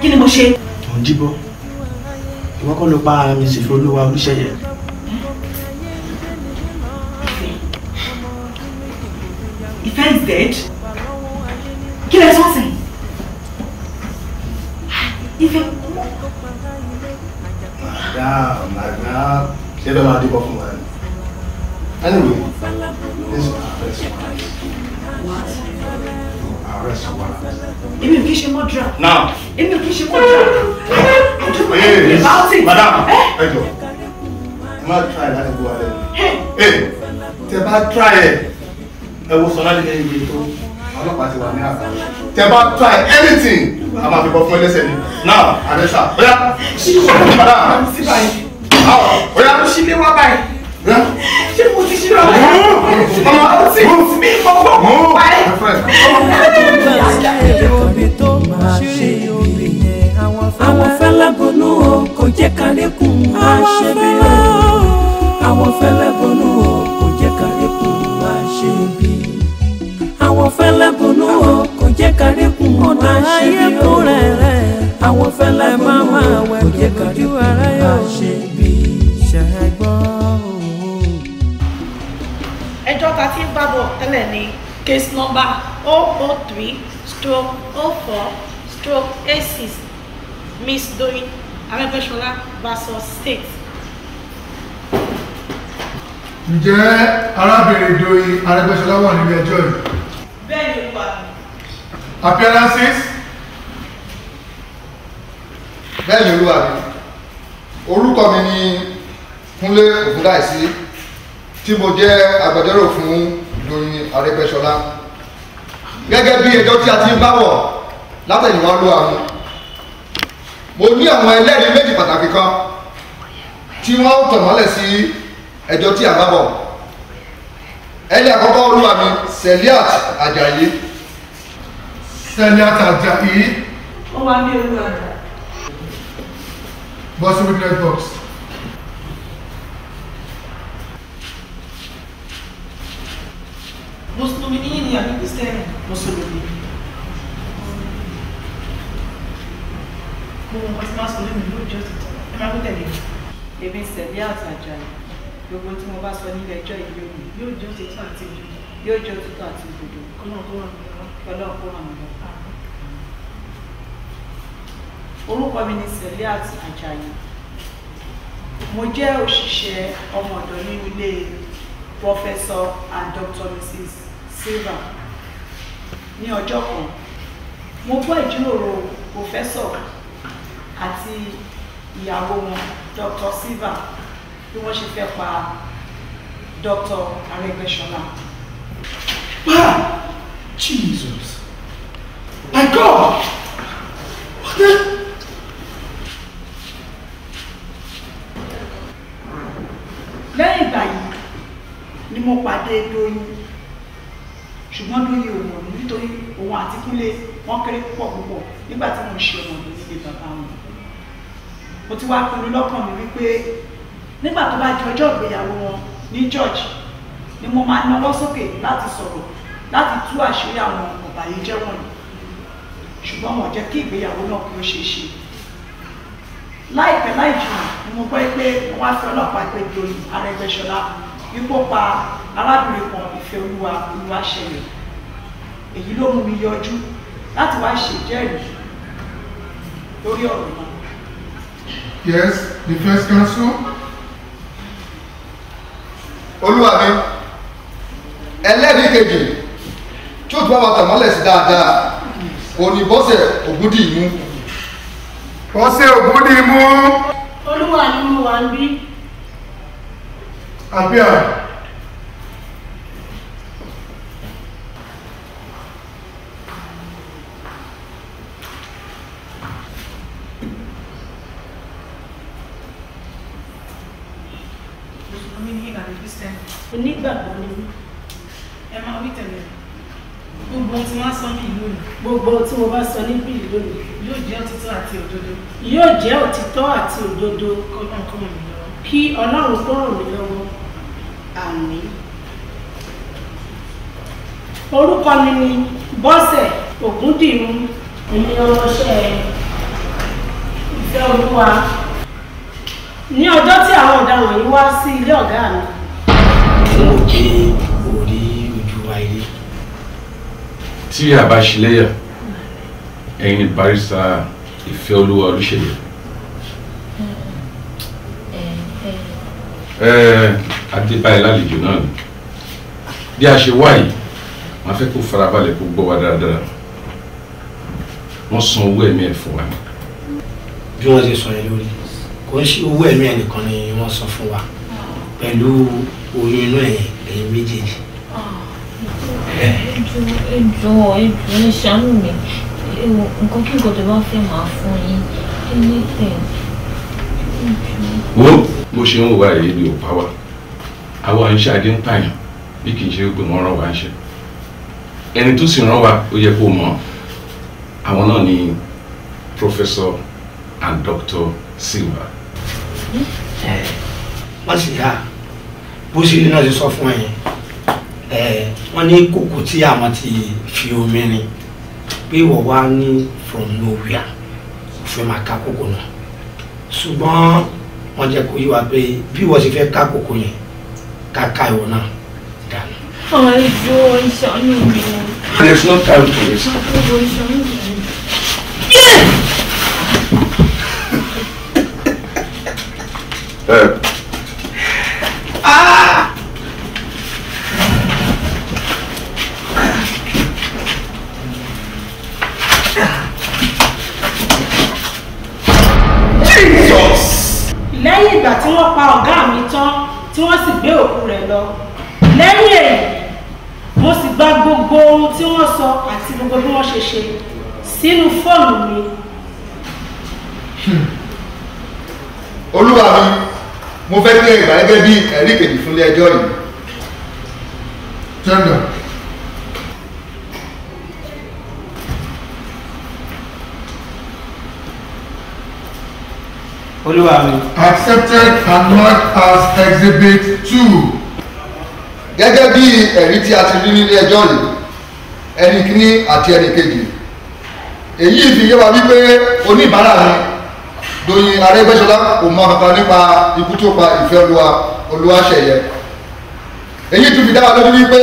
Kí ni mo ṣe? Mo ń jíbọ́. Ìwọ́n kọ́ ló pa dead? Kí lẹ sọ́ọ̀sì? Ife. Madam, madam, ṣé bẹ́ẹ̀ máa dìbò fún Anyway, this is our first one. What? Our first one. Èmi ò kí ṣe mọ́dúrà. Now. Èmi ò kí ṣe mọ́dúrà. I hey, hey, about it. Madam, ẹ jọ, ẹ má try láti gbọ́ alẹ́ mi. Ẹ tẹ bá try ẹ sọ láti lẹ́yìn iye tó ọlọ́pàá ti wà ní àgbà tẹ bá try anything a máa fi bọ fún ẹlẹ́sẹ̀ ni now àdẹ́sà bóyá sọ̀rọ̀ padà àwọ̀ bóyá. mo ṣì lè wá báyìí. ṣé mo ti ṣe lọ́wọ́ ọmọ ọmọ sí mi ọgbọ́n báyìí. àwọn fẹlẹ́bọnú o kò jẹ́ ká lékun. àwọn fẹlẹ́bọnú o kò jẹ́ ká lékun ṣe bí. àwọn fẹ́lẹ́ bùnú o kò jẹ́ káríkùn ọ̀nà àṣẹ bí o àwọn fẹ́lẹ́ bùnú o kò jẹ́ káríkùn ọ̀nà àṣẹ bí. ẹjọ́ ta ti ń bábọ̀ tẹ́lẹ̀ ni case number 003 stroke 04 stroke 86 Miss Doyin Arẹ́gbẹ́ṣọlá versus state ǹjẹ́ arábìnrin doyin arẹgbẹ́sọlá wà nílé ẹjọ́ yìí. bẹ́ẹ̀ ni wà. appearances. bẹ́ẹ̀ ni olúwa mi orúkọ mi ni kúnlé ògúnláìsí tí mo jẹ́ agbẹjọ́rò fún doyin arẹgbẹ́sọlá gẹ́gẹ́ bí ẹjọ́ tí a ti ń báwọ̀ látẹ̀yìnwá olúwa mi mo ní àwọn ẹlẹ́rìí méjì pàtàkì kan tí wọ́n tọ̀mọ́lẹ̀ sí. Si ẹjọ́ tí a bá bọ̀ ẹni àkọ́kọ́ olúwa mi Seliat Ajayi. Seliat Ajayi. ó wá ní olúwa mi. bọ́sí witness box. mùsùlùmí yìí ni àbí kristẹni mùsùlùmí. mo mọ̀ ọ́ ti máa sọ lónìí lóòjọ́ tuntun ẹ máa kó tẹ̀lé. èmi Seliat gbogbo tí mo bá sọ nílé ẹjọ́ yìí lónìí yóò jẹ́ òtítọ́ àti òdodo yóò jẹ́ òtítọ́ àti òdodo kọ́nà kó ràn kọ́nà kó orúkọ mi ni Seliat Ajayi mo jẹ́ òṣìṣẹ́ ọmọ ní ilé Professor and Dr. Mrs. Silva ní ọjọ́ kan mo gbọ́ ìjíròrò Professor àti ìyàwó wọn Dr. Silva bí wọ́n ṣe fẹ́ pa Dr. Arẹ́gbẹ́ṣọlá. Ah, Jesus, my God, what the. lẹ́yìn ìgbà yìí ni mo pàdé Doyin ṣùgbọ́n Doyin ò mọ̀ nítorí òun àti Kúnlé wọ́n kéré púpọ̀ púpọ̀ nígbà tí mo ṣe ọmọ mi nílé bàbá wọn mo ti wá pinnu lọ́kàn mi wípé nígbà tó bá jọjọ́ ìgbéyàwó wọn ní george ni mo máa náwó sókè láti sọ̀rọ̀ láti tú àṣírí àwọn ọ̀bàyéjẹ́ wọ̀nyí ṣùgbọ́n wọn jẹ́ kí ìgbéyàwó náà kí ó ṣe é ṣe láìpẹ́ láì jìnnà ni mo gbọ́ pé wọ́n á fi ọlọ́pàá pé doyin arẹgbẹ́ṣọlá wípé pa arábìnrin kan ìfẹ́ olúwa olúwa ṣẹlẹ̀ èyí ló mú mi yọjú láti wá ṣèjẹ́rìí lórí ọ̀rọ̀ náà. yes the first counsel olúwa mi ẹlẹ́rìí kejì tí ó tún bá wa tàmọ́lẹ̀ sí dáadáa òní bọ́sẹ̀ ògúndì ìmú. bọ́sẹ̀ ògúndì ìmú. olúwa ni mo wà ń bí. àbíà. onígbàgbọ́ ni mí ẹ máa wí tẹ̀lé gbogbo tí wọ́n sọ ní ìlú mi. gbogbo tí mo bá sọ níbi ìlú mi. yóò jẹ́ òtítọ́ àti òdodo. yóò jẹ́ òtítọ́ àti òdodo. kọ́ńtàn kọ́ mi lọ́wọ́. kí ọlọ́run kó ràn mí lọ́wọ́. àmín. orúkọ mi ni bọ́sẹ̀ ògúndìrún èmi ọmọọṣẹ́ ìfẹ́ olúwa ní ọjọ́ tí àwọn ọ̀daràn yìí wá sí ilé ọ̀gá mi fún òkè orí ojú ayé. tí àbáṣiléyà ẹ̀yin ni barista ìfẹ́ olúwa olùṣèlú. adébáyé lálejò náà ni bí a ṣe wá yìí màá fẹ́ kó farabalẹ̀ kó gbọ́ wa dáradára wọ́n san owó ẹ̀mí ẹ̀ fún wa. bí wọ́n ṣe sọ yẹn lórí kò ń ṣe owó ẹ̀mí ẹ̀ nìkan ni wọ́n san fún wa pẹ̀lú oyún inú ẹ̀ ẹ̀yìn méjèèjì. ẹjọ ẹjọ ẹjọ ẹ ṣàánú mi nǹkan kí nǹkan tó bá fẹ́ máa fún yín anything. wo mo ṣe ń wà èyí ni ò bá wa àwa ń ṣàdé ń pààyàn bí kì í ṣe pé wọ́n rán wa ń ṣe ẹni tó sì rán wa ó yẹ kó mọ̀ àwọn náà ni Professor and Dr. Silva. Mm -hmm. eh, wọ́n sì yá bó sì rí náà ti sọ fún ẹ̀yin wọ́n ní kòkó tí àwọn ti fi omi rin pé ìwọ wá ní from nowhere òfin máa ká kòkó náà ṣùgbọ́n wọ́n jẹ́ kó yí wa pé bí ìwọ sì fẹ́ ká kòkó yẹn ká ká ìwọ náà dànù. ọ̀ẹ́dọ́ ìṣàánú mi. and it's not time to waste. ọ̀ẹ́dọ́ ìṣàánú fóònù mi. Hmm. olúwa mi mo fẹ́ kí ẹgbàá gẹ́gẹ́ bí ẹ̀rí kejì fúnlé ẹjọ́ yìí. tẹ́lẹ̀. olúwa mi. accepted and marked as exhibit two. gẹ́gẹ́ bí ẹ̀rí tí a ti rí nílé ẹjọ́ yìí ẹnì kíní àti ẹnì kejì èyí fi yé wa wípé oníbàárà ni Doyin Arẹ́gbẹ́ṣọlá kò mọ kankan nípa ikú tó pa ìfẹ́ olúwa Olúwaṣeyẹ èyí tún fi dá wa lójú wípé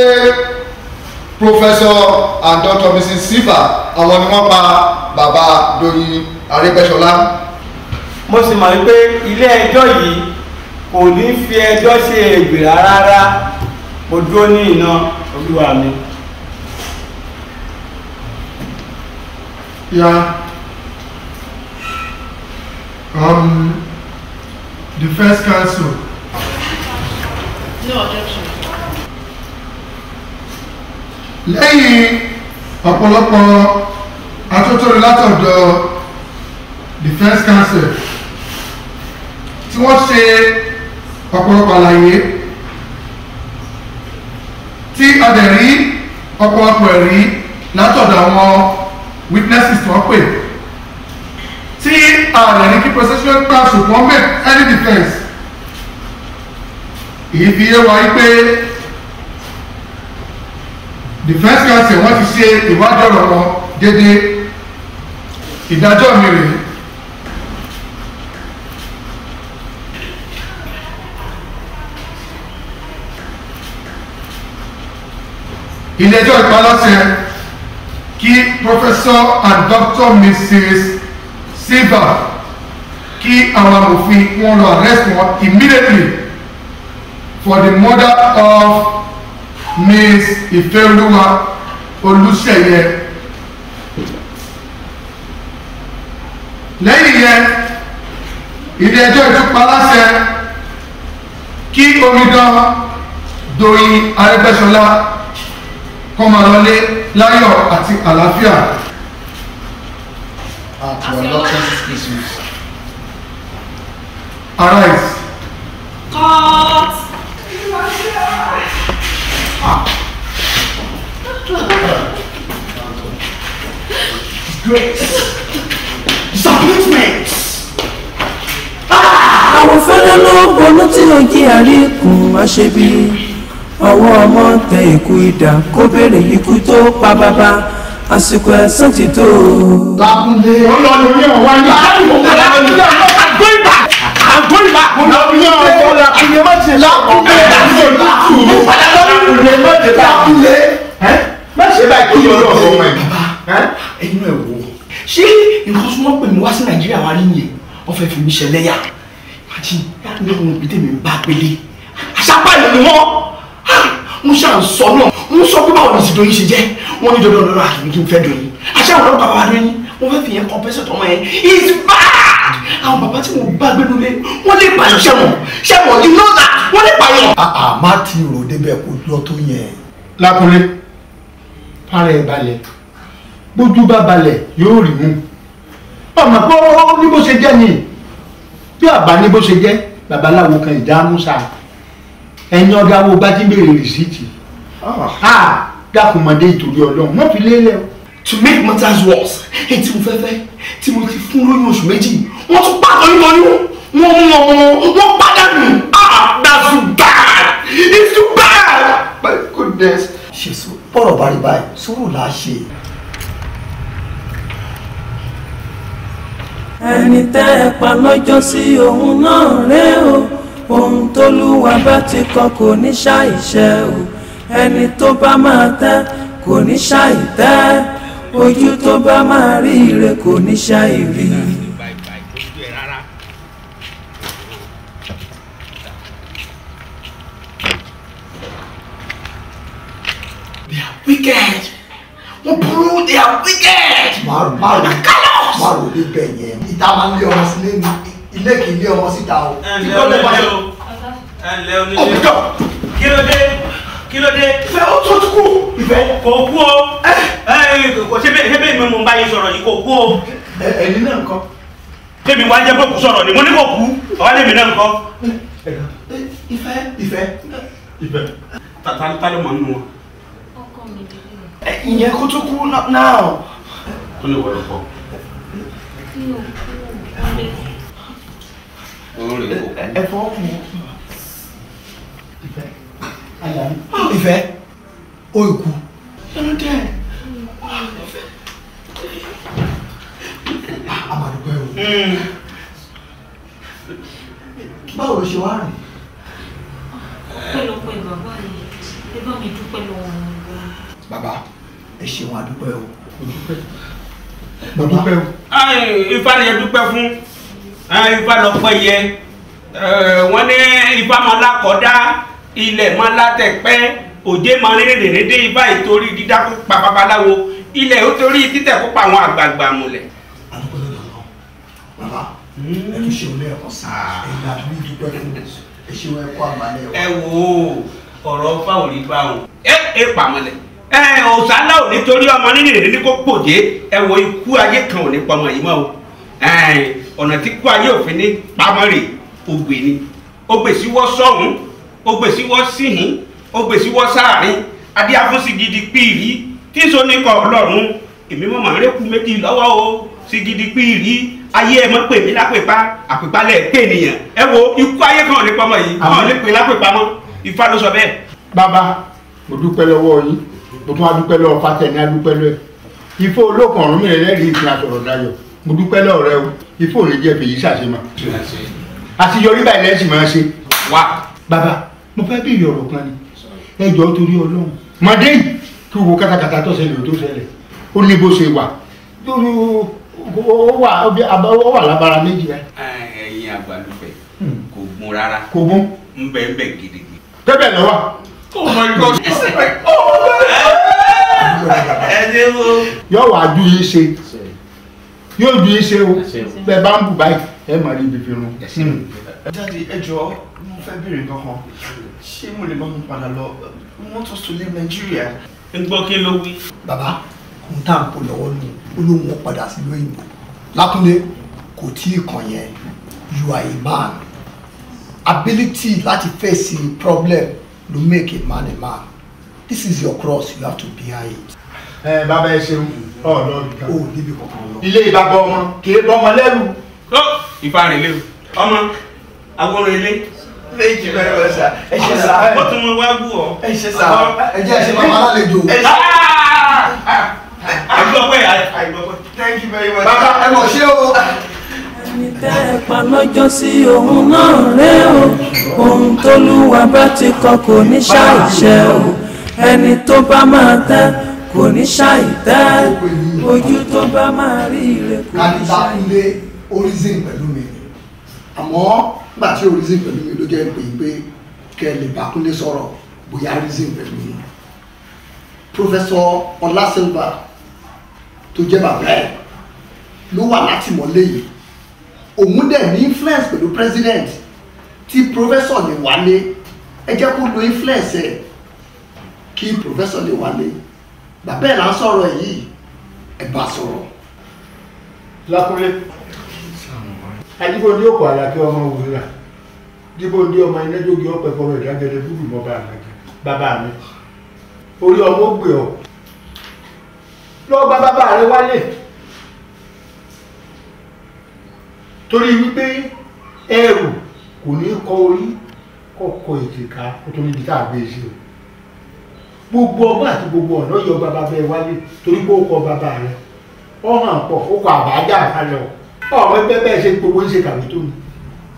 Professor and Dr. Mrs. Siva àwọn ni wọ́n pa bàbá Doyin Arẹ́gbẹ́ṣọlá. mo sì mọ̀ wípé ilé ẹjọ́ yìí kò ní fi ẹjọ́ ṣe ègbè rárá mo dúró ní iná olúwa mi. Yeah. Um, the first council. No objection. Lẹ́yìn ọ̀pọ̀lọpọ̀ atótóri látọ̀dọ̀ defence council tí wọ́n ṣe ọ̀pọ̀lọpọ̀ àlàyé tí ọdẹ rí ọ̀pọ̀lọpọ̀ ẹ̀rí látọ̀dọ̀ àwọn witnesses tó ń pè tí ààrẹ ní kí prosecution gba ṣùgbọ́n make any defence èyí fi yé wa pé defence counsel wọ́n ti ṣe ìwádìí ọ̀rọ̀ wọn déédéé ìdájọ́ mi rèé ilé ẹjọ́ ìpaláṣẹ kí professor and doctor mrs silva kí àwọn amòfin wọn lọ arrest wọn immediately for the murder of miss ifeoluwa olùṣeyẹ lẹ́yìn yẹn ilé-ẹjọ́ ìtúpa láṣẹ kí omidan doyin arẹ́gbẹ́ṣọlá kọ́mọlọ́lé láyọ̀ àti àlàáfíà. and to unlock arise. cut. Grace. Disappointment. Ah! Àwọn fẹ́lẹ́ ló ń bonú tí ojú àríkùn máa ṣe bí ọwọ́ ọmọ ń tẹ ikú idà kó béèrè ikú tó pa bàbá àsìkò ẹ̀san ti tó. Lákúndé olórí orí ọ̀wá ni aláìmọ̀ kọ́ láti ní ọjọ́ àgbóyìnbá àgbóyìnbá olórí ọjọ́ Lákúndé má ṣe Lákúndé láti ní tù ú lórí ìlú má ṣe Lákúndé má ṣe báyìí kí ọ̀rọ̀ ọ̀rọ̀ ọmọ ẹ̀. ẹnu ẹ wo ṣé nǹkan súnmọ́ pè mí wá sí Nàìjíríà wa rí yẹn wọ́n fẹ́ fi mí ṣẹlẹ́yà imagine ní mo ṣáà ń sọ náà mo sọ pé báwo ni ìsìnkú yìí ṣe jẹ́ wọ́n ní dandan lọ́rọ̀ àdúgbò kí n fẹ́ dùn yín àṣẹ àwọn ọlọ́pàá bàbá dùn yín mo fẹ́ fi yẹn kọ́ pẹ́sẹ̀ tọ́mọ yẹn it's bad àwọn bàbá tí mo bá gbẹ́nu lé wọ́n lè pààyàn ṣẹ́wọ̀n ṣẹ́wọ̀n you know that wọ́n lè pààyàn. àà ah, ah, má ti rò débẹ̀ kó lọ tó yẹn. lákúnlé para ẹ balẹ̀ bójú bá balẹ̀ yóò rí mú ọmọ pé ó ní bó ṣe jẹ́ ni bí àbá ní bó ṣe jẹ́ babaláwo kan ìdá musa ẹ̀yin ọ̀gá wo bá ti béèrè rìsíìtì ah. dákùnmọ̀dé ìtòrí ọlọ́run wọ́n fi lélẹ̀ o. to make matters worse ẹ tí mo fẹ́ fẹ́ tí mo ti fún lóyún oṣù méjì wọ́n tún pàtó yín lọ́yún wọ́n mú wọn wọn wọ́n pàdánù ah that's too bad it's too bad my goodness. ṣe sọ bọ́rọ̀ bá rí báyìí sùúrù là á ṣe. ẹni tẹ́ ẹ pa lọ́jọ́ sí òun náà rèé o ohun tólúwa bá ti kọ kò ní ṣàìṣẹ o ẹni tó bá máa tẹ kò ní ṣàìtẹ ojú tó bá máa rí ire kò ní ṣàìrí. They are wicked. Wọ́n burú, they are wicked. Màrò màrò. Àkàlọ́. Màrò lè bẹ̀yẹ̀. Ìta máa ń lé ọmọ sílé mi ilé kì í lé ọmọ síta o. ẹnlẹ onílé o oh kí ló dé kí ló dé. ìfẹ́ ó tó kú. ìfẹ́ kò kú o kò ṣe bẹ́ẹ̀ mi mò ń bá yín sọ̀rọ̀ yìí kò kú o. ẹ̀yin náà ńkọ́. tèmi wá jẹ́ pé kò sọ̀rọ̀ ni mo ní kò kú ọ̀wá lèmi náà ńkọ́. ìfẹ́ ìfẹ́ ìfẹ́ ta ló mọ̀ nínú wọn. ọkọ mi lè lè. ìyẹn kó tó kú náà. tó lè wọlé pọ̀ ẹ fọwọ́ kù ìfẹ́ ó ikú. àmàdùpẹ́ o báwo ló ṣe wá rìn. ọpẹ́lọpẹ́ bàbá yìí ẹ bá mi dúpẹ́ lọ́wọ́ wọn. bàbá ẹ ṣeun àdúpẹ́ o mo dúpẹ́ o. mo dúpẹ́ o. ìfarayẹ dúpẹ́ fún. Ah, ifá lọ pẹ́ yẹ eh, wọ́n ní ifá máa lákọ̀ọ́dá ilẹ̀ máa látẹ̀pẹ́ òjé máa rírìnrìn dé ifá ìtorí dídá kó pa babaláwo ilẹ̀ ó torí títẹ̀ kó pa àwọn àgbààgbà mulẹ̀. bàbá ẹ tún ṣe òun ẹ̀kọ́ sí ah. ẹ̀yìn àdúgbò ìdúpẹ́ fún ẹ ṣe wọn ẹ̀kọ́ àgbàlẹ̀ wa. ẹ wo ọ̀rọ̀ fáwọn rí báwọn ẹ ẹ pàmọ́lẹ̀ ẹ eh, ọ̀sálà ò nítorí ọmọ nínú ìrírí kó pòjé ẹ wo ikú ayé kan ò ní pọmọ yìí mọ́ o eh, ọ̀nà tí kú ayé òfin ní pamọ́ rè ògbè ni ó gbè sí wọ́ sọ́hún ó gbè sí wọ́ síhìn ó gbè sí wọ́ sáàrin adíáfúnsí gidi píìrí tí ń sọni kọ ọlọ́run èmi mọ̀ màá rékú méjì lọ́wọ́ o sí gidi píìrí ayé ẹ mọ̀ pè mí lápèpá àpèpá lẹ̀ pé ènìyàn ẹ wo ikú ayé kan ní pamọ́ yìí kan lè pè lápèpá mọ́ Ifá ló sọ bẹ́ẹ̀. bàbá mo dúpẹ́ lọ́wọ́ yín mo tún wá dúpẹ́ lọ́wọ́ fásitì ẹ̀ ní adúpẹ́ lọ́wọ́ Ifá olókùn ọ̀rùn mi rẹ̀ lẹ́rìí ìfìyà sọ̀rọ̀ dayọ̀ mo dúpẹ́ lọ́wọ́ rẹ o ifo ò ní jẹ́ fèyí ṣàṣe mọ́ àṣeyọrí báyìí lẹ́sìn máa ṣe. wá bàbá mo fẹ́ bí ìyọ̀rọ̀ kan ni ẹ jọ̀ọ́ torí ọlọ́run mọ̀dé yìí o wo kátàkátà tó ṣẹlẹ̀ tó ṣẹlẹ̀ ó ní bó ṣe wà lórí ó wà lábára méjì rẹ. ẹyin àgbàlùfẹ kò gun rárá kò gun ń bẹ ń bẹ gidigidi. bẹ́ẹ̀ lọ wa. oh my god ẹsẹ̀ rẹ̀ ọ̀ọ́ bẹ́ẹ̀. ẹ ẹ ẹ yọ wàá ju yín ṣe yóò ju iṣẹ́ o bẹ́ẹ̀ bá ń bù báyìí ẹ máa rí ibi fi run ẹ̀sìn mi. jáde ẹjọ mo fẹ́ béèrè nǹkan kan ṣé mo lè bá mi padà lọ wọ́n tún sọ lé nàìjíríà. ń gbọ́ kí ló wí. bàbá kò ń tà ń pò lọ́wọ́ nù olóhùn wọn padà sí lóyìnbó lákúnlé kò tí ì kàn yẹn you are a man ability láti face a problem ló make a man a man this is your cross you have to bear it. ẹ bàbá ẹ ṣeun ọlọ́ọ̀dúnkà oh, ó oh, níbi kankan lọ. ilé ìbàbọ̀ ọmọ kìí bọ́mọ lẹ́rù. ó ìfarìn lé o ọmọ agbóró ilé. méjì bẹ́ẹ̀ bẹ́ẹ̀ sà ẹ ṣe sà ó tún mọ wá gbú ọ. ẹ ṣe sà ẹ jẹ́ ẹ ṣe bàbá alálejò. àìgbọ́pẹ́ àìgbọ́pẹ́. thank you very much. bàbá ẹ mọ̀ ṣé o. ẹni tẹ́ ẹ pa lọ́jọ́ sí òun náà rẹ́ o ohun tó lúwa bá ti kọ kò ní ṣàìṣe o ẹni tó bá máa tẹ́ kò ní ṣàìtẹ́ ojú tó bá máa rí ire kò ní ṣàìtẹ́. kanidakunle orizin pẹ̀lú mi àmọ́ nígbà tí orizin pẹ̀lú mi ló jẹ́ pé pé kẹ́ ẹ lè bá Kúnlé sọ̀rọ̀ bóyá orizin pẹ̀lú mi. pòfẹ́sọ ọlásilva tó jẹ́ bàbá ẹ̀ ló wà látìmọ́lé yìí òun dẹ̀ ní influence pẹ̀lú president tí pòfẹ́sọ lè wálé ẹ jẹ́ kó lo influence ẹ̀ kí pòfẹ́sọ lè wálé bàbá ẹ̀ là ń sọ̀rọ̀ yìí ẹ bá sọ̀rọ̀. lákúnlé adigunle òkò àlàkí ọmọ òwúrà dígbòndé ọmọ inájógi ọpẹ fọlọ ìdágẹdẹ gúdù mọ bàbá mi orí ọmọ gbé ọ lọ gba bàbá rẹ wálé torí wípé ẹrù kò ní kọ orí kọkọ ètìká kó tó níbi tá a gbé e sí o gbogbo ọgbọ́n àti gbogbo ọ̀nà yọ bàbá bẹ wálé torí pé ó kọ bàbá rẹ ọ hàn pọ̀ ó kọ àbájá àkàlẹ̀ ọ̀ ọ̀rọ̀ ẹgbẹ́ bẹ́ẹ̀ ṣe gbogbo ń ṣe kàwé tó ni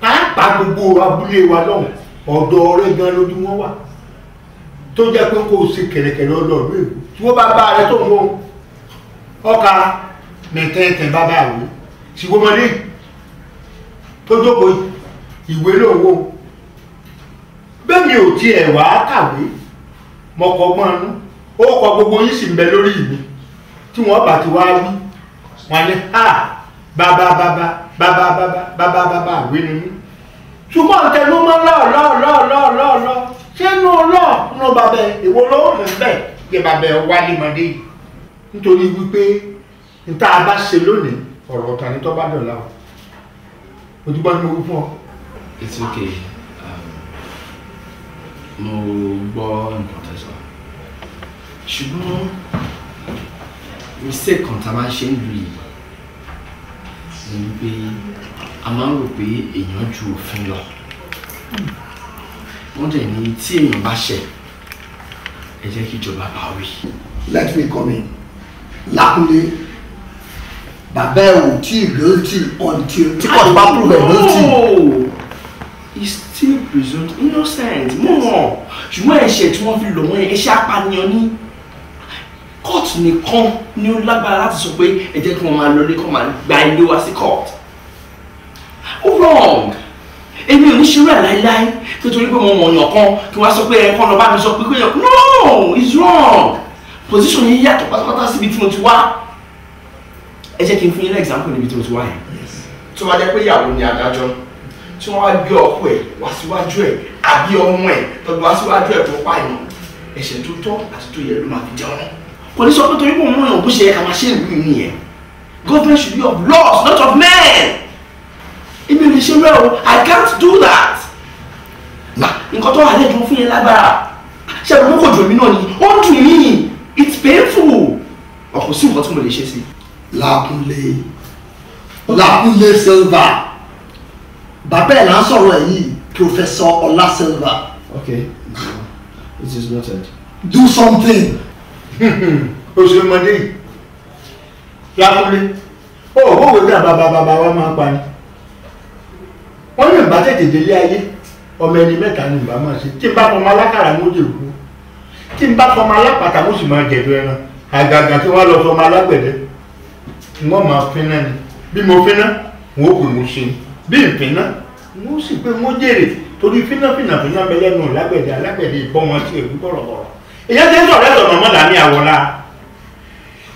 pàápàá gbogbo abúlé wa lọ́hùn ọ̀dọ̀ ọ̀rẹ́ gan lójú wọn wà tó jẹ́ pé kó o ṣe kẹ̀rẹ̀kẹ̀rẹ̀ ọlọ́ọ̀lú èkó tí wọ́n bá bá rẹ tó ń wọ́n ọkà mẹ̀tẹ̀ẹ̀tẹ̀ bàbá rẹ ṣùgbọ́n ọmọdé tó jókòó ìwé lóòwò bẹ́ẹ̀ mi ò tiẹ̀ wá kàwé mo kọgbọ́n inú ó kọ gbogbo yín sì ń bẹ lórí mi tí wọ́n bá ti wá wí wọ́n ní ha bàbá bàbá bàbá bàbá bàbá bàbá àwé ni mí ṣùgbọ́n ntẹnu mọ́ lọ́ọ̀lọ́ọ̀lọ́ọ̀lọ́ọ̀lọ́ ṣé inú ọlọ́ọ̀nù bàbá èwo ló ń bẹ̀ kí bàbá wálé mọ́dé yìí nítorí wípé níta bá ṣe lónìí ọ̀rọ̀ ọ̀tàn ní tó bá dọ̀la o ojúbọ ni mo wí fún ọ. it's okay um, mo gbọ́ nǹkan ṣùgbọ́n mistake kan tá a máa ṣe ń lu yìí ni wípé a máa ń rò pé èèyàn ju òfin lọ wọ́n dẹ̀ ní tí èèyàn bá ṣẹ̀ ẹ jẹ́ kí ìjọba bá wí. let me come in Lákúnlé bàbá ẹ ò tí ì guilty until tí kò bá prove ẹ guilty. he still presumed innocent mo mọ̀ ṣùgbọ́n ẹ̀ṣẹ̀ tí wọ́n fi lọ̀ wọ́n ẹ̀ṣẹ̀ apànìyàn ni court nìkan ni ó lágbára láti sọ pé ẹ jẹ́ kí wọ́n máa lọlé kọ́ máa gba ilé wa sí court wrong èmi ò ní ṣerú ẹ̀ láéláé nítorí pé mo mọ̀ ọ̀yàn kan kí wọ́n sọ pé ẹ̀ kọ́ bá mi sọ pé pé no it's wrong position yìí yàtọ̀ pátápátá síbi tí mo ti wá ẹ jẹ́ kí n fún yín ní example níbi tí mo ti wá yẹn tó bá jẹ́ pé ìyàwó ni adájọ́ tí wọ́n wá gbé ọkọ ẹ̀ wá síwájú ẹ̀ àbí ọmọ ẹ̀ tọ́jú wá síwájú ẹ̀ tó pààyàn ẹ̀ṣẹ̀ tó tọ́ àti tó yẹ ló máa fi jẹun kò ní sọ pé torí kò mú èèyàn bó ṣe yẹ ká máa ṣe ìlú yìí yẹn government should be of laws not of men èmi ò lè ṣe rẹ i can't do that na nǹkan tó wà lẹ́ẹ̀dùn fún yẹn lágbára ṣe àbúrò kò dùn mí náà ni ó dùn mí it's painful ọkọ sí nǹkan tí mo lè ṣe sí. Lákúnlé Lákúnlé Silva bàbá ẹ̀ là ń sọ̀rọ̀ ẹ̀ yìí Professor Ọlá Silva. okay this is noted. do something. oṣù ọmọdé yìí lákúlé ó wa máa pa ni wọ́n ní ìbá tètè délé ayé ọmọ ẹni ni ìbá máa ṣe tí n bá fọmọ alákàrà mo jẹ òkú tí n bá fọmọ alápàtà mo sì máa jẹ̀dọ̀ ẹran àgàgà tí lọ fọmọ alágbẹ̀dẹ máa ni bí mo fínná wọ́n ṣe bí n sì pé jèrè torí ìyẹn ti ń sọ̀rọ̀ ẹ̀sọ̀ mọ̀mọ́ là ní àwọ̀lá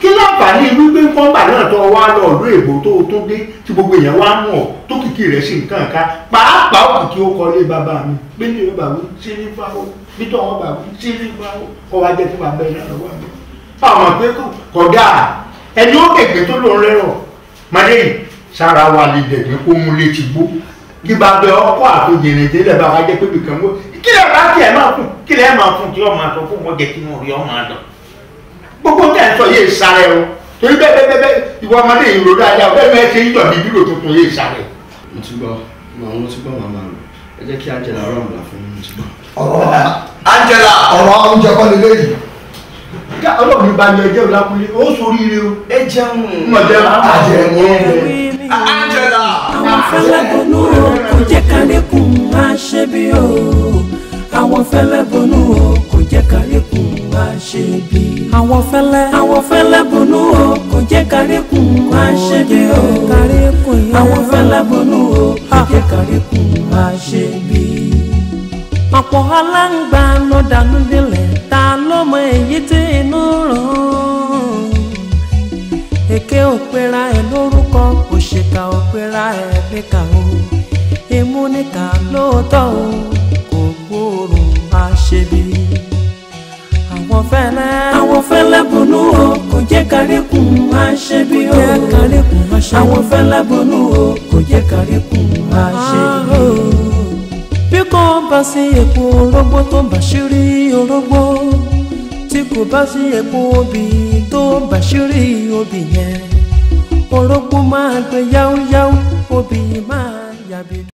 kí láǹfààní wípé kọ́ńbà náà tó wá lọ ìlú èbó tó tó dé tí gbogbo èèyàn wá mú ọ tó kìkì rẹ̀ sí nǹkan ká pàápàá òkìkí ó kọlé bàbá mi bí ní ìwé bàbá sí ní fáwọ bí tó wọn bàbá sí ní fáwọ kọ wá jẹ fún bàbá ìlànà wà mí. àwọn àgbẹ̀ kọ̀dà ẹni ó kẹ̀kẹ́ tó lò ń rẹ́rọ̀ màdé yìí sára wa lè dẹ̀dẹ̀ kó mú létí gbó kí bàbá ọkọ̀ àtòjìnrìn kí lè bá tiẹ̀ máa fún kí lè máa fún tí ọmọ àtọ fún mọ́jẹ tí mo rí ọmọ àdọ gbogbo tẹ̀ ń sọ yé sáré o torí bẹ́ẹ̀ bẹ́ẹ̀ bẹ́ẹ̀ ìwọ ọmọdé ìró dáadáa bẹ́ẹ̀ bẹ́ẹ̀ ṣe ń jọ̀ ní bírò tuntun yé sáré. mo ti gbọ́ màá mo ti gbọ́ màmá mi ẹ jẹ́ kí Angela rọ̀ mùlá fún mi mo ti gbọ́. ọ̀rọ̀ Angela ọ̀rọ̀ oúnjẹ kọ́ni lẹ́yìn ká ọlọ́run bá yọ ẹjẹ́ òlákùnrin ó ṣoríire o. ẹ jẹun mọ̀ jẹun àjẹmọ́ Angela. àwọn fẹ́lẹ́ gbọ́nú kò jẹ́ ṣe bí o àwọn fẹ́lẹ́ bonú o kò jẹ́ káríkùn wá ṣe bí. àwọn fẹ́lẹ́ àwọn fẹ́lẹ́ bonú o kò jẹ́ káríkùn wá ṣe bí o àwọn fẹ́lẹ́ bonú o kò jẹ́ káríkùn wá ṣe bí. ọ̀pọ̀ aláǹgbá ló dànù délẹ̀ ta ló mọ èyí tí inú ràn án èké òpera ẹ̀ lórúkọ òṣèkà òpera ẹ̀ níkà o kú níta lóòótọ́ o kò gbóòórùn àṣebí. àwọn fẹ́lẹ́ àwọn fẹ́lẹ́ bùnú o kò jẹ́ káríkùn àṣebí o kò jẹ́ káríkùn àṣebí àwọn fẹ́lẹ́ bùnú o kò jẹ́ káríkùn àṣebí. Ah, oh. bí kò bá sí epo orógbó tó bá ṣírí orógbó tí kò bá sí epo obì tó bá ṣírí obì yẹn orógbó máa gbé yáúyáú obì máa yàbí.